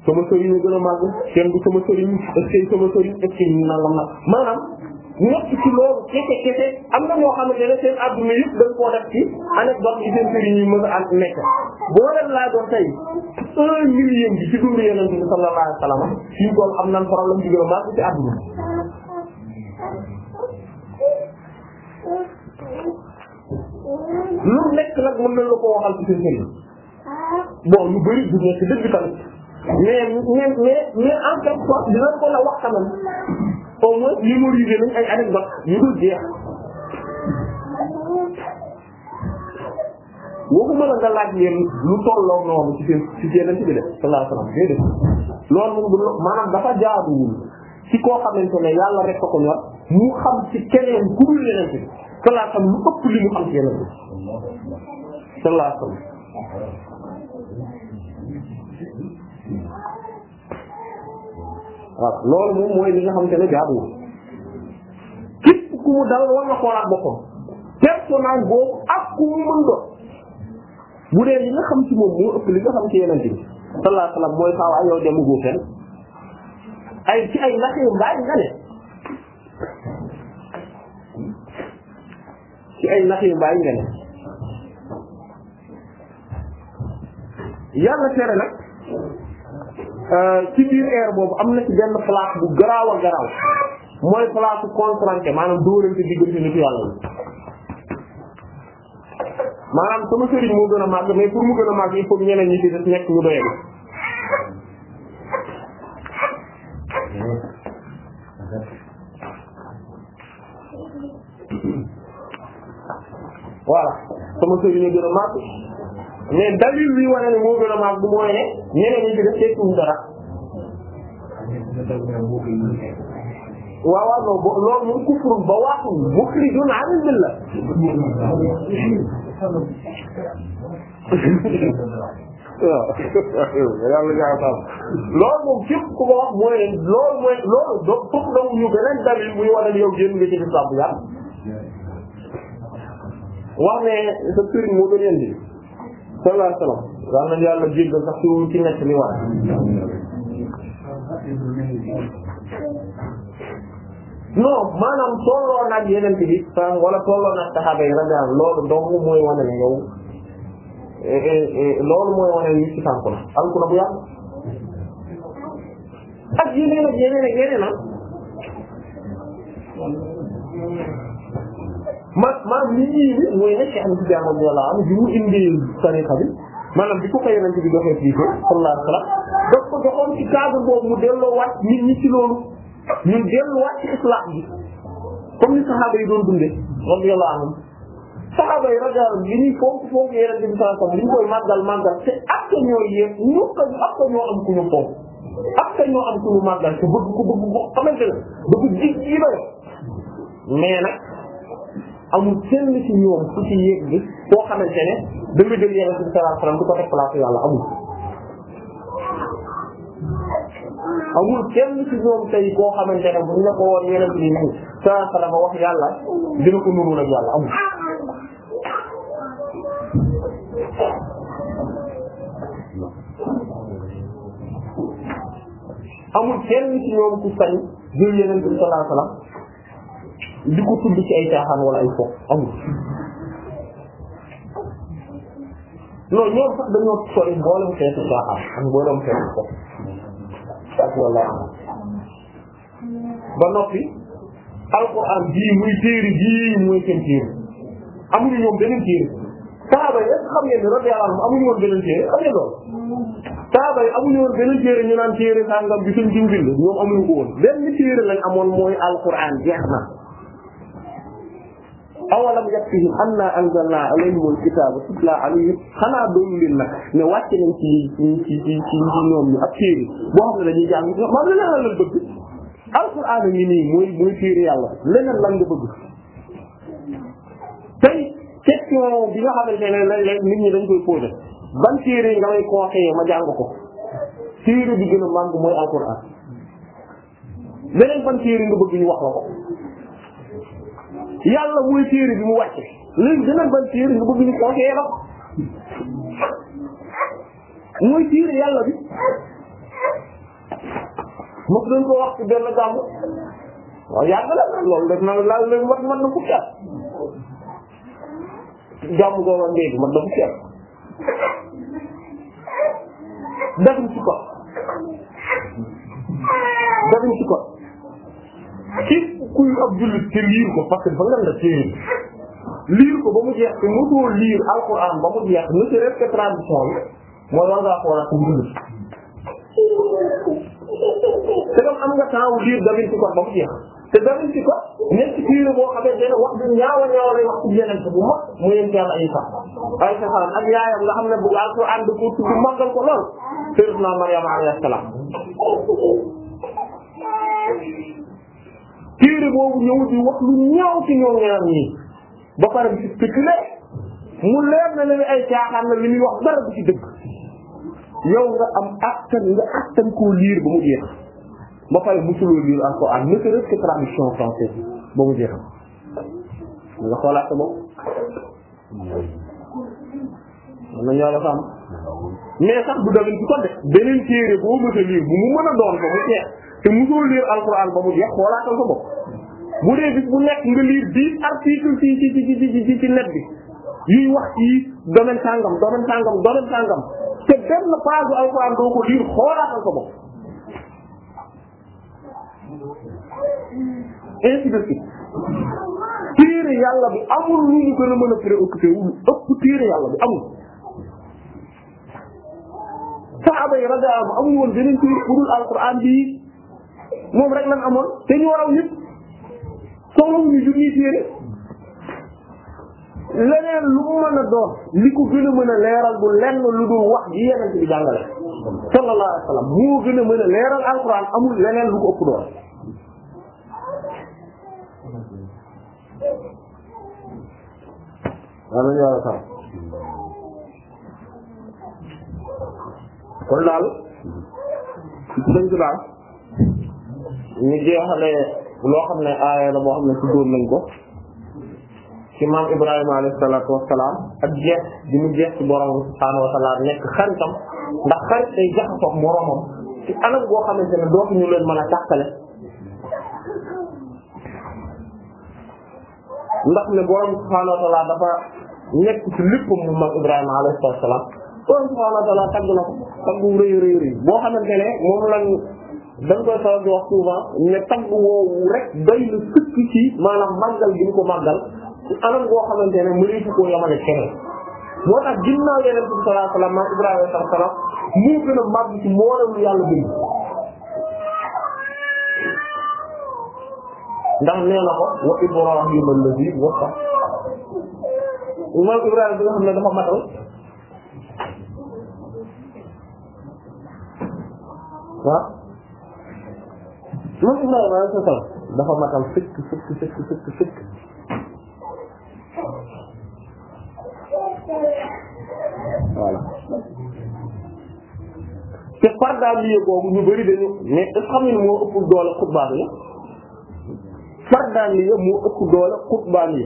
sama sëriñ a gën a màgg kenn du sama sëriñ est-ce que sama sëriñ est-ce maanaam nekk ci loolu kese kese am na ñoo xamante ne seen adduna seen sëriñ yi mën a nekk boo leen laa doon tey un million bi ci dundu yonent bi sallallahu alayhi wa sallam fii doon am nan problème bi gën a màgg ci adduna lu nekk nag mën nañ la ko waxal ci seen sëriñ bon yu bëri du nekk dëgg tamit mais mais mais mais en quelque sorte dinañ ko la wax kanam au moins mémoriser nañ ay anecdote yu dul jeex waxuma la nga laaj leen lu tolloo noonu ci seen ci seen ci bi def sallallahu alayhi wasallam déedéet loolu moom du maanaam dafa jaaduwul ci koo xamante ne yàlla rek ko ko ñor mu xam ci keneen ku dul yeneen sallallahu alayhi wasallam lu ëpp li mu am ci bi sallallahu alayhi wasallam waaw loolu moom mooy li nga xamante ne jaaduwul képp ku mu dal war na xoolaat boppam personnage boobu ak ku mu dee li nga xam ci moom moo ëpp li nga xam ci yeneen bi sallallahu alayhi wasallam mooy xaaw ay yow demu goo fenn ay ci ay laxee mbaay nga ne ci ay nax yu mbaay nga ne yàlla tere nag euh, ci biir air boobu am na ci benn place bu garaaw a garaaw mooy place bu confronté maanaam dóorante diggante nitu yàlla yi maanaam sama sëriñ moo gën a màgg mais pour mu gën a màgg il faut ñeneen ñi ci des nekk ñu doyal voilà sama sëriñ yi gën a màgg dalil bi wane ne moo gën a bu mooy ne ñeneen ñi ci def tekkiwuñ dara. waaw waaw non boo loolu moom kufrun ba waatul mukhrijun an al-millah waaw yàlla moom képp ku ma wax mooy loolu mooy loolu do foofu da ñu dalil muy wane yow génn nga ci islam wax ne sa sëriñ moo doon indi sallallahu alayhi wa sallam wax nañu yàlla jéggal sax ci ci nekk li wax non maanaam tolloo nag yeneen bi sa wala tolloo nag saxaaba yi radiyallahu loolu dong mooy wane ne yow eh, eh, eh, loolu mooy wane ne nit ci sànku na alku na bu yàgg ak ah. ma maanaam li ñuy indi mooy ne Cheikh Ahmed Tidiane radiyallahu anhu bi mu indi tariqa bi maanaam bi ko ko yonent bi doxee fii sallallahu alayhi wa sallam daf ko doxoon ci cadre boobu mu delloowaat nit ñi ci loolu ñu delluwaat ci islam bi comme ni saxaaba yi doon dundee radiyallahu anhum saxaaba yi radiyallahu anhum li ñuy fonk fonk bi sallallahu alayhi wa sallam li ñu koy màggal màggal te ak ñu ka ñoo am ku ñu fonk ak ñoo am ku ñu màggal te bëgg ko bëgg ko xamante ne bëgg ji ji mais nag amul kenn ci ñoom ku ci yegg koo xamante ne da nga jël yàlla ci sallallahu ko teg place yàlla amul. amul kenn ci ñoom tey koo xamante ne bu ñu la ko woon yeneen bi nii sallallahu wax yàlla dina ko nuru ak yàlla amul. amul kenn ci ñoom ku sañ jël yeneen bi sallallahu di ko tudd ci ay caaxaan wala ay foofu amul loolu ñoom sax dañoo sori mboolem xeetu caaxaan ak mboolem xeetu foofu ak wala ba noppi alquran bii muy téere bii mooy seen téere amuñu ñoom beneen téere saaba yi xam ngeen ne radiyallahu anhum amuñu woon beneen téere xam ngeen loolu saaba yi ñu naan téere sàngam bi suñ diw bi ñoom amuñu woon benn téere lañ amoon mooy alquran jeex na awalam yakfihim anna anzalna alayhim alkitaba tutla alayhim xanaa doon leen nag ne wàcce nañ ci ci ci ci ñoom boo xam ne dañuy jàng moom leneen lan lañ nga bëgg tey question bi nga xamante ne nit ñi dañ koy posé ban téere nga may conseillé ma jàng ko téere bi gën a màng mooy alquran beneen ban téere nga bëgg ñu wax la ko yàlla mooy téere bi mu wàcce léegi dinañ ban téere nga bëgg ñu conseillé la mooy téere yàlla bi mos nañ ko wax ci benn gàmb waaw yàgg la loolu def na laal léegi wat man na fukki at gàmb goo wax léegi man na fukki at defuñ ci ko defuñ ci ko kuy ab jullit te liir ko parce que dafa liir ko ba mu jeex te mosoo liir alxuraan ba mu jeex ne ci reste tradition mooy war ngaa xoolaat ko te comme am nga temps liir damin ci ko ba mu jeex te damin ci ko nekk téere boo xamee benn wax bi ñaaw a lay wax ci yeneen bu mag mu yem ci ay sax ay saxaan ak yaayam nga xam ne bu alxuraan da ko tudd màggal ko lool Seydina Mariama alayhi salaam téere boobu ñëw di wax lu ñaaw ci ñoom ñaar ñii ba pare bi spéculer mu leer na leen ay caaxaan la li muy wax dara bu ci dëgg yow nga am attan nga attan koo liir ba mu jeex ba pare musuloo liir alxuraan ne serait-ce que traduction française ba mu jeexam nga xoolaat sa bopp mën na ñoo la sàmm mais sax bu dagan ci ko beneen téere boo mën a bu mu mën doon ko mu jeex te mosoo lire alquran ba mu jeex xoolaatal sa bopp bu dee bis bu nekk nga lire dix article ci ci ci ci ci ci wax ci domaine sangam domaine sangam domaine sangam te benn page alquran doo ko lire xoolaatal sa bopp. ainsi de suite téere yàlla bi amul lu ñu gën a mën a préoccupé wu ëpp téere yàlla bi amul. saxaaba yi radiyallahu amul woon beneen téere bu dul alquran bi. moom rek lan amoon te ñu waraw ñëpp soxlawuñu junniy téere leneen lu mën a doon li ko gën a mën a leeral bu lenn lu dul wax ji yeneen bi jàngale sallallahu alayhi wa sallam moo gën a mën a leeral alquran amul leneen lu ko ëpp doon amin yàlla sax kon daal dañ ñu jeexalee loo xam ne aaya la boo xam ne ci dóor nañ ko ci maam Ibrahima alayhi salaam ak jeex bi mu jeex ci borom subhaanahu wa nekk xaritam ndax xarit xamante ne dootuñu leen mën ndax ne borom subhaanahu wa dafa nekk ci lépp mu maam Ibrahima alayhi salaam borom subhaanahu wa tagg na ko tagg rëy rëy rëy boo xamante ne moom lañ dañ koy faral di wax souvent ne tagg woowu rek doy lu sëkk ci maanaam màggal gi ñu ko màggal anam goo xamante ne mënee fu koo yamale keneen moo tax ginnaaw yeneen bi sallallahu alayhi wasallam maam Ibrahima sallallahu alayhi wasallam a màgg ci ma lu yàlla bind ndax nee na ne dafa matal waaw moom Ibrahima alayhi salaam dafa matal sëkk sëkk sëkk sëkk sëkk voilà te boobu ñu bari dañu mais est-ce que xam ne moo ëpp doole xutbaan yi fardaaniyee moo ëpp doole xutbaan yi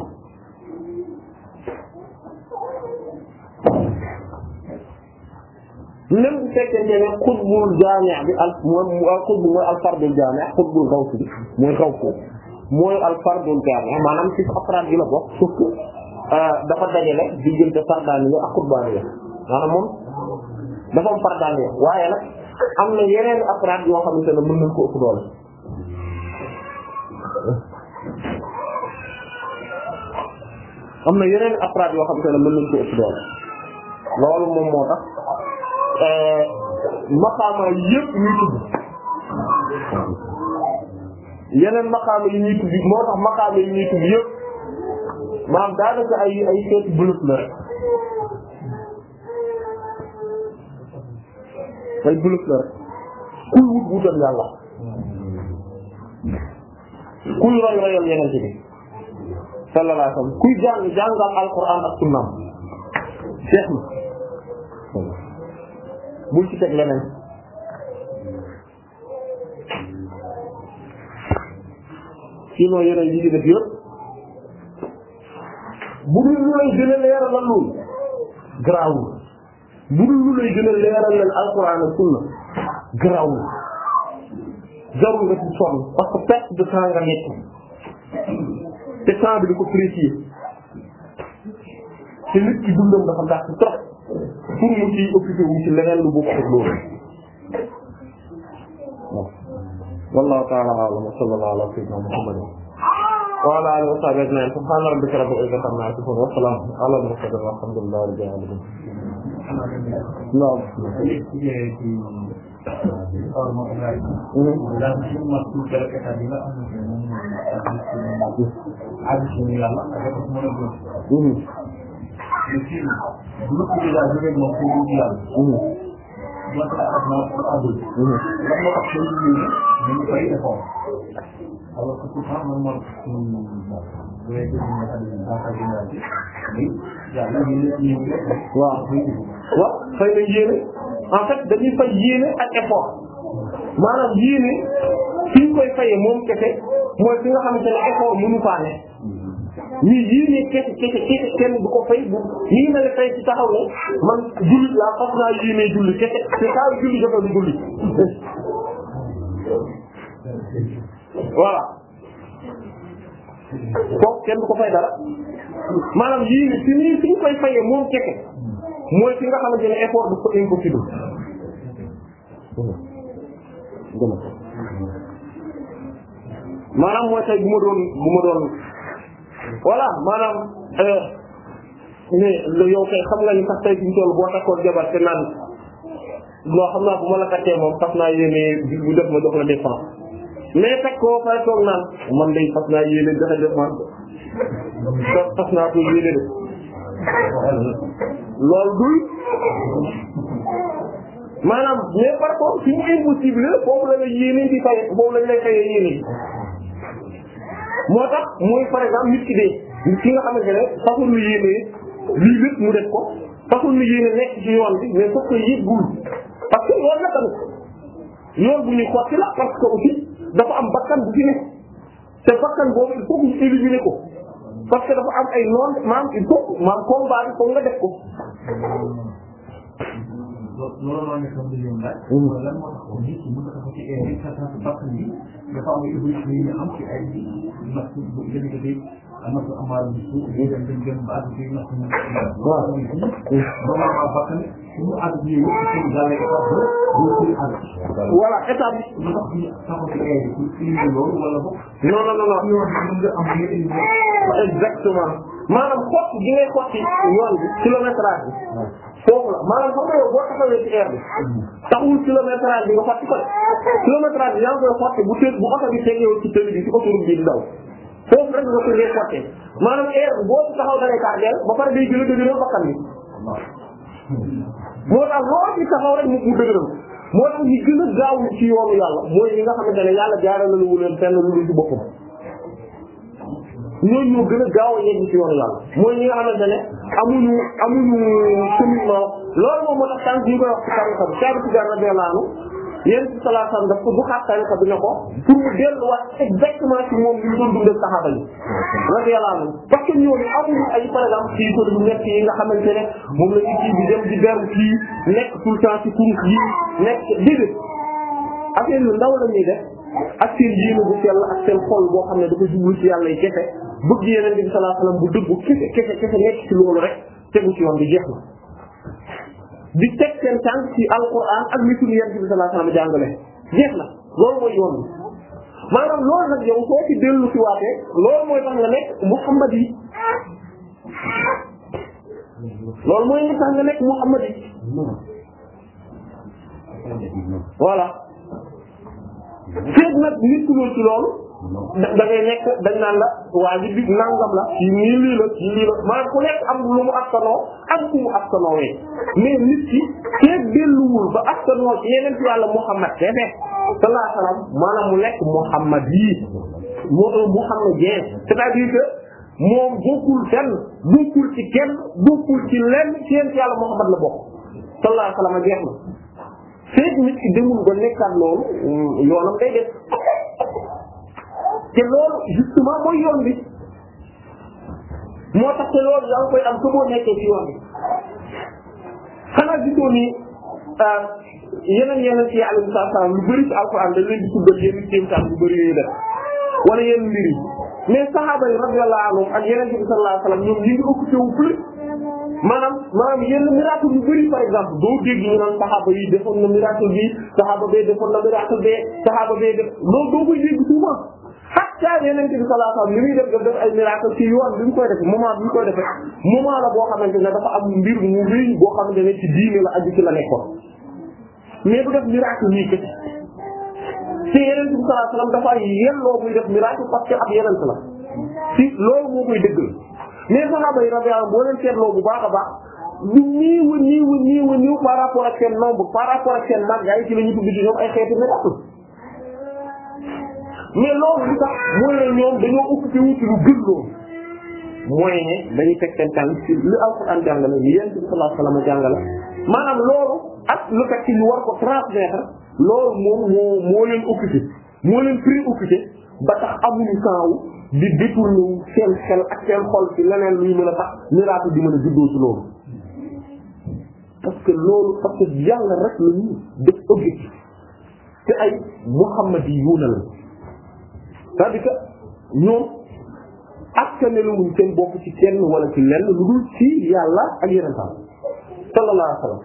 même bu fekkente ne xutbul jaami' bi al mooy xutb mooy alfardul jaami' xutbul gawsi bi mooy xaw ko mooy alfardul jaami' maanaam ci afraad yi la bokk sauf que euh, dafa dajale diggante fardaani yi ak xutbaani yi maanaam moom dafa am fardaani yi waaye nag am na yeneen afraad yoo xamante ne mën na yeneen afraad yoo xamante ne mën ko ëpp doole loolu moom moo tax. Euh, maqaama yëpp ñuy tudd yeneen maqaama yi ñuy tudd moo tax maqaama yi ñuy tudd yëpp maanaam daanaka ay ay xeetu bulut la ay bulut la rek kuy wut wutal yàlla kuy roy royal yeneen bi sallallahu alayhi wa sallam kuy jàng jàngal alquran ak sunnaam jeex bul ci teg leneen sinon yeneen yi ci def yëpp bu lu lay gën a leeralal loolu garaawul bu lu lay gën a leeralal alquran ak sunna garaawul jarul nga ci sonn parce que perte de nga nekk te temps bi di ko précier te nit ki dundam dafa gàtt trop pour mu ciy occupé wu ci leneen lu bokkul loolu wallahu ta'ala a'lam wa sallallahu ala sayyidina Muhammad wa ala alihi wa sahbihi ajma'in subhana rabbika rabbil izzati amma yasifun wa salamun ala al mursalin walhamdulillahi rabbil alamin non alors que pourtant man man waaw waaw fay na yéene en fait dañuy fay yéene ak effort maanaam yéene fi ñu koy fayee moom kese mooy fi nga xamante ne effort mënu faa ne ñu yéene kese kese kese kenn du ko fay bu ñi ngi mel ne tey ci taxaw ne man jullit laa fas naa yéene julli kese te saa yu julli jotee du julli voilà kooku kenn du ko fay dara maanaam yéene si nii si ñu koy fayee moom kese mooy ki nga xamante ne effort du ko impossible maanaam mooy tey bu ma doon bu ma doon voilà maanaam mais euh, yow kay xam nga ni sax tey jii tool boo takkoon jabar te naan loo xam naa bu ma moom fas naa yéene bi bu def ma jox la dépense mais teg koo fay toog naan man day fas naa yéene joxe dépense fas naa ko yéene de loolu dul maanaam mais par contre suñu impossible foofu la la yéene di fay foofu lañ lay fayee yéene moo tax mooy par exemple nit ki dee nit ki nga xamante ne taxul lu yéene lii lépp mu def ko taxul lu yéene nekk ci yoon bi mais foog ko yëggul parce que yoon la tamit yoon bu ñuy xotti la parce que aussi dafa am bakkan bu ci nekk te bakkan boobu il faut ñu éliminer ko parce que dafa am ay noon maam il faut maam combat bi foog nga def ko. loolu moo nekk xam nga yow lan moo tax nit ki mën a taxaw ci bakkan bi. dafa am ay évolution yi ñu am ci ay natt bu jëndee natt amaat bi suuf day dem dem dem ba àgg ci natt bi. waaw xam nga moom am ba xam ne suñu àgg bi yëpp suñu daal lay tax ba duñ suñu àgg. voilà état bi. lu tax ñu taxaw ci ay pour indi loolu wala boog. non non non non. mën nga am nga indi exactement. maanaam xotti gi ngay xotti yoon bi kilométrage bi. foofu la maanaam xam nga yow boo taxawee ci air bi taxul kilométrage bi nga xotti ko kilométrage bi yaa ngi koy xotti bu teel bu oto bi tegeewul ci tëli bi ci autoroute bi di daw foofu rek nga ko ngay xotti maanaam air bi boo taxaw da ngay tardeel ba pare day jëlee dëgëral bakkan bi moo tax loo ci taxaw rek mu mu dëgëral moo tax ñi gën a gaaw ci yoonu yàlla mooy ñi nga xamante ne yàlla jaarale na lu leen fenn lu dul ci boppam ñooñu ñoo gën a gaaw a yegg ci yoonu yàlla mooy ñi nga xamante ne amuñu amuñu commitment moom moo tax tànk ñu koy wax ci tarixa bi caabi ci garna dee laanu yéen ci daf ko bu xaat tarixa bi ne ko pour mu delluwaat exactement ci moom li ñu doon dundal saxaaba yi nga xamante ne moom la ñu kii bi dem di beru fii nekk tout ci kurus yi nekk déedéet affaire yu ndaw la ñuy def ak seen yéene bu sell ak seen xol boo xam ne dafa jublu ci yàlla yi kese bëgg yeneen bi sallallahu alayhi wasallam bu dëggu kese kese kese nekk ci loolu rek bi jeex na di teg seen tànk ci alquran ak li suñu yeneen bi sallallahu alayhi wasallam jàngale jeex na loolu mooy yoon bi maanaam loolu nag yow soo ci dellu ci waatee mooy tax nga nekk mooy tax nga nekk muhammad yi voilà feeg nag da ngay nekk dañ naan la waa ji bi nangam la ci nii lii la ci lii la maanaam ku nekk am lu mu askanoo am ku mu askanoo wi mais nit ki keeg delluwul ba askanoo ci yeneen ci yàlla Muhammad tefe sallallahu alayhi wasallam maanaam mu nekk Muhammad yii moo tax Muhammad yeen c'est-à-dire que moom bokkul fenn bokkul ci kenn bokkul ci lenn ci yeneen Muhammad la bokk sallallahu alayhi wasallam jeex na feeg nit ki demul ba nekkaat loolu mm, yoonam day def te loolu justement mooy yoon bi moo tax te loolu yaa ngi koy am su boo nekkee ci yoon bi xanaa gisoo ni ah, yeneen yeneen ci yàlla bi saa lu bëri ci alxuraan dañ leen di tuddal yenn kéemtaan lu bëri yooyu def wala yenn mbir yi mais saxaaba yi radiyallahu anhum ak yeneen bi sallallahu alayhi wasallam ñoom ñu ngi occupé wu plus maanaam maanaam yenn miracle yu bëri par na doo dégg ñu naan saxaaba yi defoon na miracle bi saxaaba bee defoon na miracle bee saxaaba bee def loolu doo koy dégg souvent saa yeneen bi sallallahu alayhi def daf def ay miracle ci yoon bi mu koy def moment bi mu koy defee moment la boo xamante ne dafa am mbir mu rëy boo xamante ne ci diine la aju ci la nekkoon mais du def miracle nii kese ci yeneen bi sallallahu alayhi wasallam dafa yelloo muy def miracle parce que ab yeneen la ci loolu moo koy dëggal mais saxaaba yi radiyallahu boo leen seetloo bu baax a baax du niiw a niiw a niiw a niiw par rapport ak seen nombre par rapport ak seen màggaay ay xeetu mais loolu bi tax mooy ne ñoom dañoo occupé wu ci lu gën loolu mooy ne dañuy teg seen tànk ci lu alxuraan jàngale lu yéen bi sallallahu alayhi wasallam jàngale maanaam loolu ak lu fekk ñu war ko transmettre loolu moom moo moo leen occupé moo leen préoccupé ba tax amuñu saawu di détourné wu seen xel ak seen xol ci leneen luy mën a tax miracle di mën a juddoo ci loolu parce que loolu parce que yàlla rek la ñu def objectif te ay muhammad yi yuuna c'est-à-dire que ñoom askanelewuñ seen bopp ci kenn wala ci lenn lu dul ci yàlla ak yeneen tam sallallahu alayhi wa sallam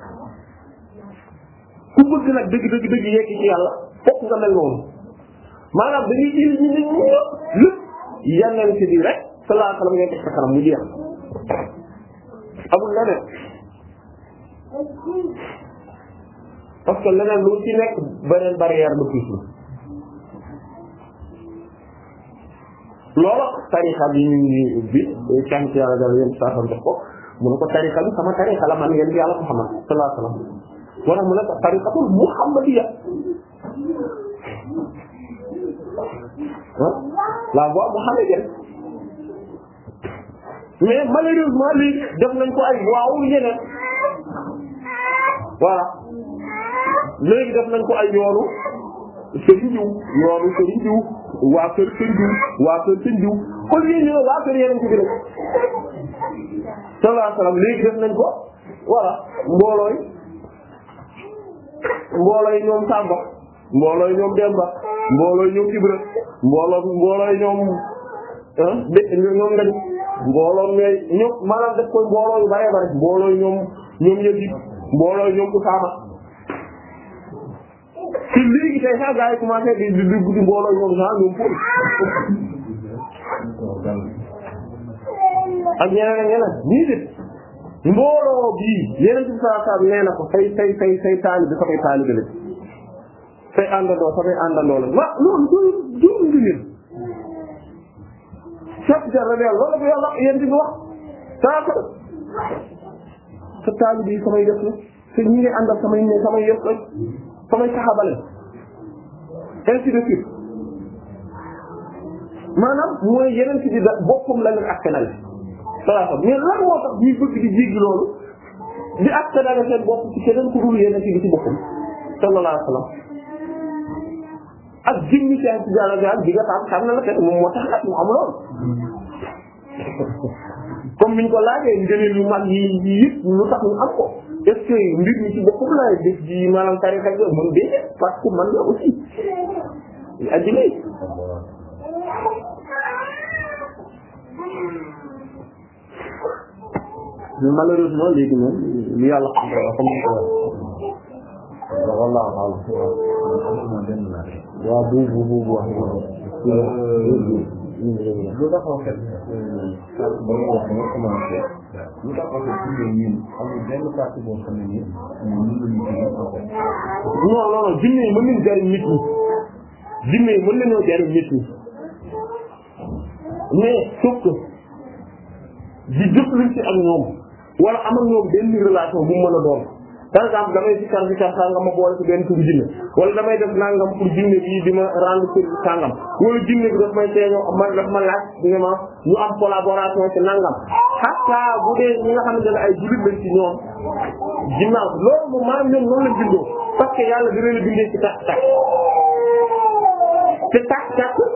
ku bëgg nag dëgg dëgg dëgg yegg ci yàlla fokk nga mel noonu maanaam dañuy il ñi nit ñi lépp yeneen ci bi rek sallallahu alayhi wa sallam ngay sa kanam mu jeex amul leneen parce que leneen lu ci nekk beneen barrière la loola tarixa bi ñu ngi ubbi saa xam jox ko mu ne ko tarixa bi sama tarixa la man yéen yàlla ko xamal sallallahu alayhi wasallam wala mu ne ko tarixatul muhammadiyya la voie muhammadienne mais malheureusement lii def nañ ko ay waaw yeneen voilà léegi def nañ ko ay yoonu sëriñ diw yoonu sëriñ diw waa kër sëñ diw waa kër sëñ diw au lieu ñu ne waa kër yeneen ci bi rek sallallahu alayhi wasallam léegi def nañ ko voilà mboolooy mboolooy ñoom Samba mboolooy ñoom Demba mboolooy ñoom Ibra mbooloo mboolooy ñoom ah ñoom Ngañ mbooloo ñooy ñoom maanaam def koy mbooloo yu bare bare mboolooy ñoom ñoom Yazid mboolooy ñoom Usaama te léegi tey sax gars yi commencé di di di guddi mbooloo ñoom sax ñoom fóot ak ñeneen ak ñeneen ñii de mbooloo bii yeneen ci saa saa nee na ko say say say say taalibe samay taalibe la say àndandoo samay àndandoo la waaw loolu du du du ngeen. chaque jar na loolu la ko yàlla yéen di wax saa ko sa taalibe yi samay def la te ñi ngi àndal samay samay yëpp la. samay saxaaba lañ ainsi de suite maanaam mooy yeneen ci di da boppam la leen askanale salaasa mais lan moo tax ñuy bëgg di jéggi loolu di askanale seen bopp ci keneen ku dul yeneen ci bi ci boppam sallallahu alayhi wa sallam ak jëmmi seen ci jàll gaan bi nga xam xam na la kenn moom moo tax ak mu am loolu comme niñ ko laajee ngëneel yu mag yi yëpp lu tax ñu am ko est ce que mbir mi ci boppam laay def ji maanaam tarixa ak man déedéet parce que man la aussi addina yi malheureusement léegi moom li yàlla xam nga ko waaw wallaahi waaw. waaw bu bu bu bu wax. lu tax en fait sànq ba nga wax ba nga commencé lu tax en fait pour benn partie boo xam ne nii moom ñun la ñu gën a soxla. non non non jinne yi di jëf luñ ak ñoom wala am ak ñoom benn relation bu mu mën par exemple damay sikkar sikkar sàngam ma boole ci benn turu jinne wala damay def nangam pour jinne bi di ma rendre service sàngam wala jinne bi daf may teeñoo man daf ma laaj ne ma ñu am collaboration ci nangam hatta bu dee ñi nga xamante ne ay jullit lañ ci ñoom ginnaaw loolu moom maanaam ñoom noonu lañ bindoo parce que yàlla dina la bindee ci tax tax te tax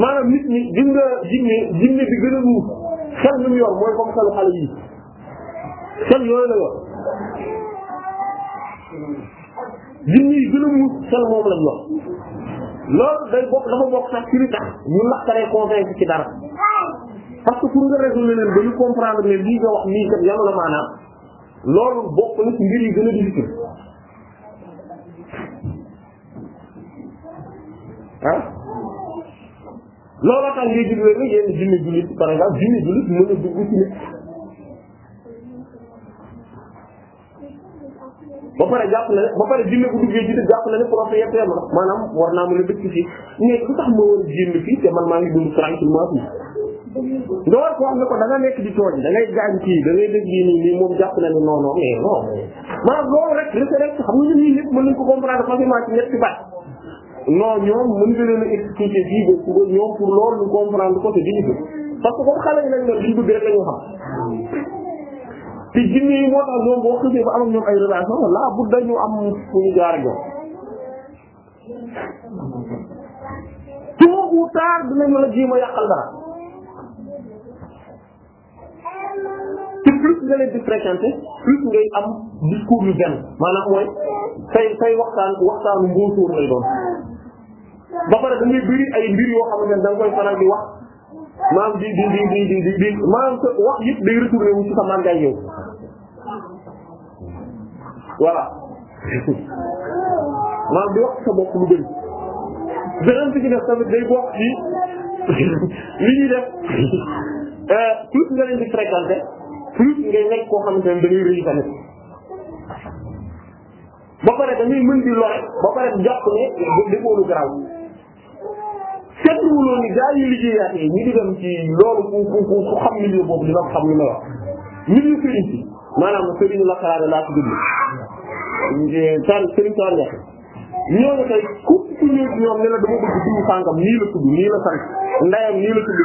maanaam nit ñi gis nga jinne bi gën a xel mi yor mooy comme xelu xale yi xel yooyu la yor jinne yi gën a xel moom lañ yor loolu day bokk dafa bokk sax ci li tax ñu naqaree convaincre ci dara parce que pour nga résoudre leen ba ñu comprendre ne lii nga wax nii kat yàlla la maanaam loolu bokk na ci mbir yi gën looloo tax ngay julli rek yenn junni jullit par exemple junni jullit mën a dugg ci nit ba pare jàpp na ne ba pare junni bu duggee ci nit jàpp na ne propriétaire la maanaam war naa mën a dëkk fii mais lu tax ma war a génn fii te man maa ngi dund tranquillement fii nga war ko wax ne ko da nga nekk di tooñ da ngay gaañ kii da ngay def lii nii nii moom jàpp na ne non non mais non maanaam loolu rek rek xam nga ñun ñii ñëpp mën nañu ko comprendre facilement ci ñetti baat non ñoom mën nga leen a expliquer fii ba ñoom pour loolu ñu comprendre ko te difficile parce que comme xale yi lañ ne liñ bëgg rek la ñu xam te jinne yi moo tax ñoom boo xësee ba am ñoom ay relation laa bu dañu am fu ñu jaar ak ñoom tôt ou tard dinañu la jéem a yàqal dara te plus nga leen di fréquenter plus ngay am discours yu benn maanaam mooy say say waxtaan waxtaanu mbóosóor lay doon ba pare dañuy bëri ay mbir yoo xamante ne da nga koy faral di wax maanaam di di di di di di maanaam wax yëpp day retourné wu ci sa màngaay yow voilà maanaam di wax sa bopp lu bëri beneen bi ci def tamit day bokk ci li ñuy def euh, plus nga leen di fréquenté plus ngay nekk koo xamante ne dañuy rëy tamit ba pare dañuy mën di lore ba pare jàpp ne defoo lu garaaw seetluwuloo ni gars yi liggéeyaat yi ñu di dem ci loolu ku ku ku xam milieu boobu dina ko xam li ma wax milieu sëriñ si maanaam sëriñ la xalaat laa ko déglu tan sëriñ tan wax ñooñu la dama bëgg nii la tudd nii la sant ndeyam nii la tudd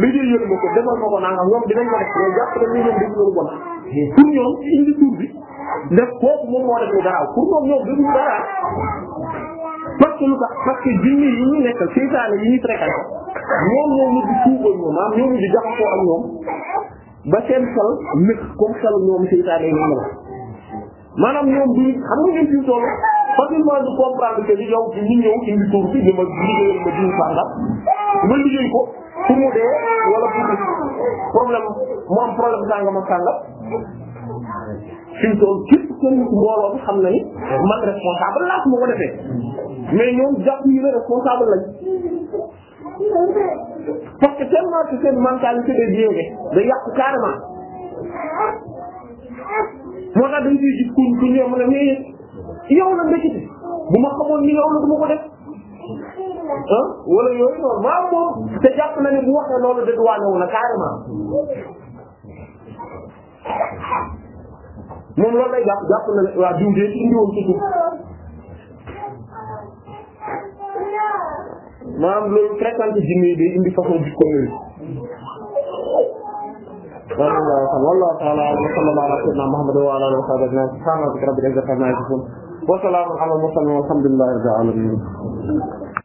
liggéey yël ma ko defal ma ko nangam ñoom dinañ ko def ñoom jàpp ne nii ñoom dañu doon bon pour ñoom indi tur bi def kooku moom moo def lu garaaw pour ñoom ñoom dañu garaaw parce que lu tax parce que jinne yi ñu nekkal seytaane yi ñu fréquenté ñoom ñoo mujj ñoom maanaam ñoo jaxasoo ak ñoom ba seen xel nëkk comme xelu ñoom seytaane yi ñu mel maanaam ñoom du xam nga ngeen fi toll facilement de comprendre que li yow ñu ñëw indi tur bi dama liggéeyal ma ma liggéey ko pour mu dee wala pour problème mu am problème sàngam ak sàngam fi mu toll képp kenn mbooloo xam na ni man responsable laa su ko defee mais ñoom jàpp ñu ne responsable lañ parce que tellement que seen mentalité day biéwee day yàqu carrément moo tax dañ ciy gis kuñ kuñ ñoom ne mais yow la ndekete bu ma xamoon ni yow la du ma ko def ah wala yooyu noonu maam te jàpp na ne bu waxee loolu de waa ñëw na carrément moom loolu lay jàpp jàpp na ne waa de indiwoon ci suuf. maanaam loolu fréquente jinne yi day indi façon jikko yooyu wallahu ta'ala wa sallallahu ala sayyidina Muhammad wa ala alihi wa sahbihi ajma'in subhana rabbika rabbil izzati amma yasifun wa salamun ala al mursalin walhamdulillahi rabbil alamin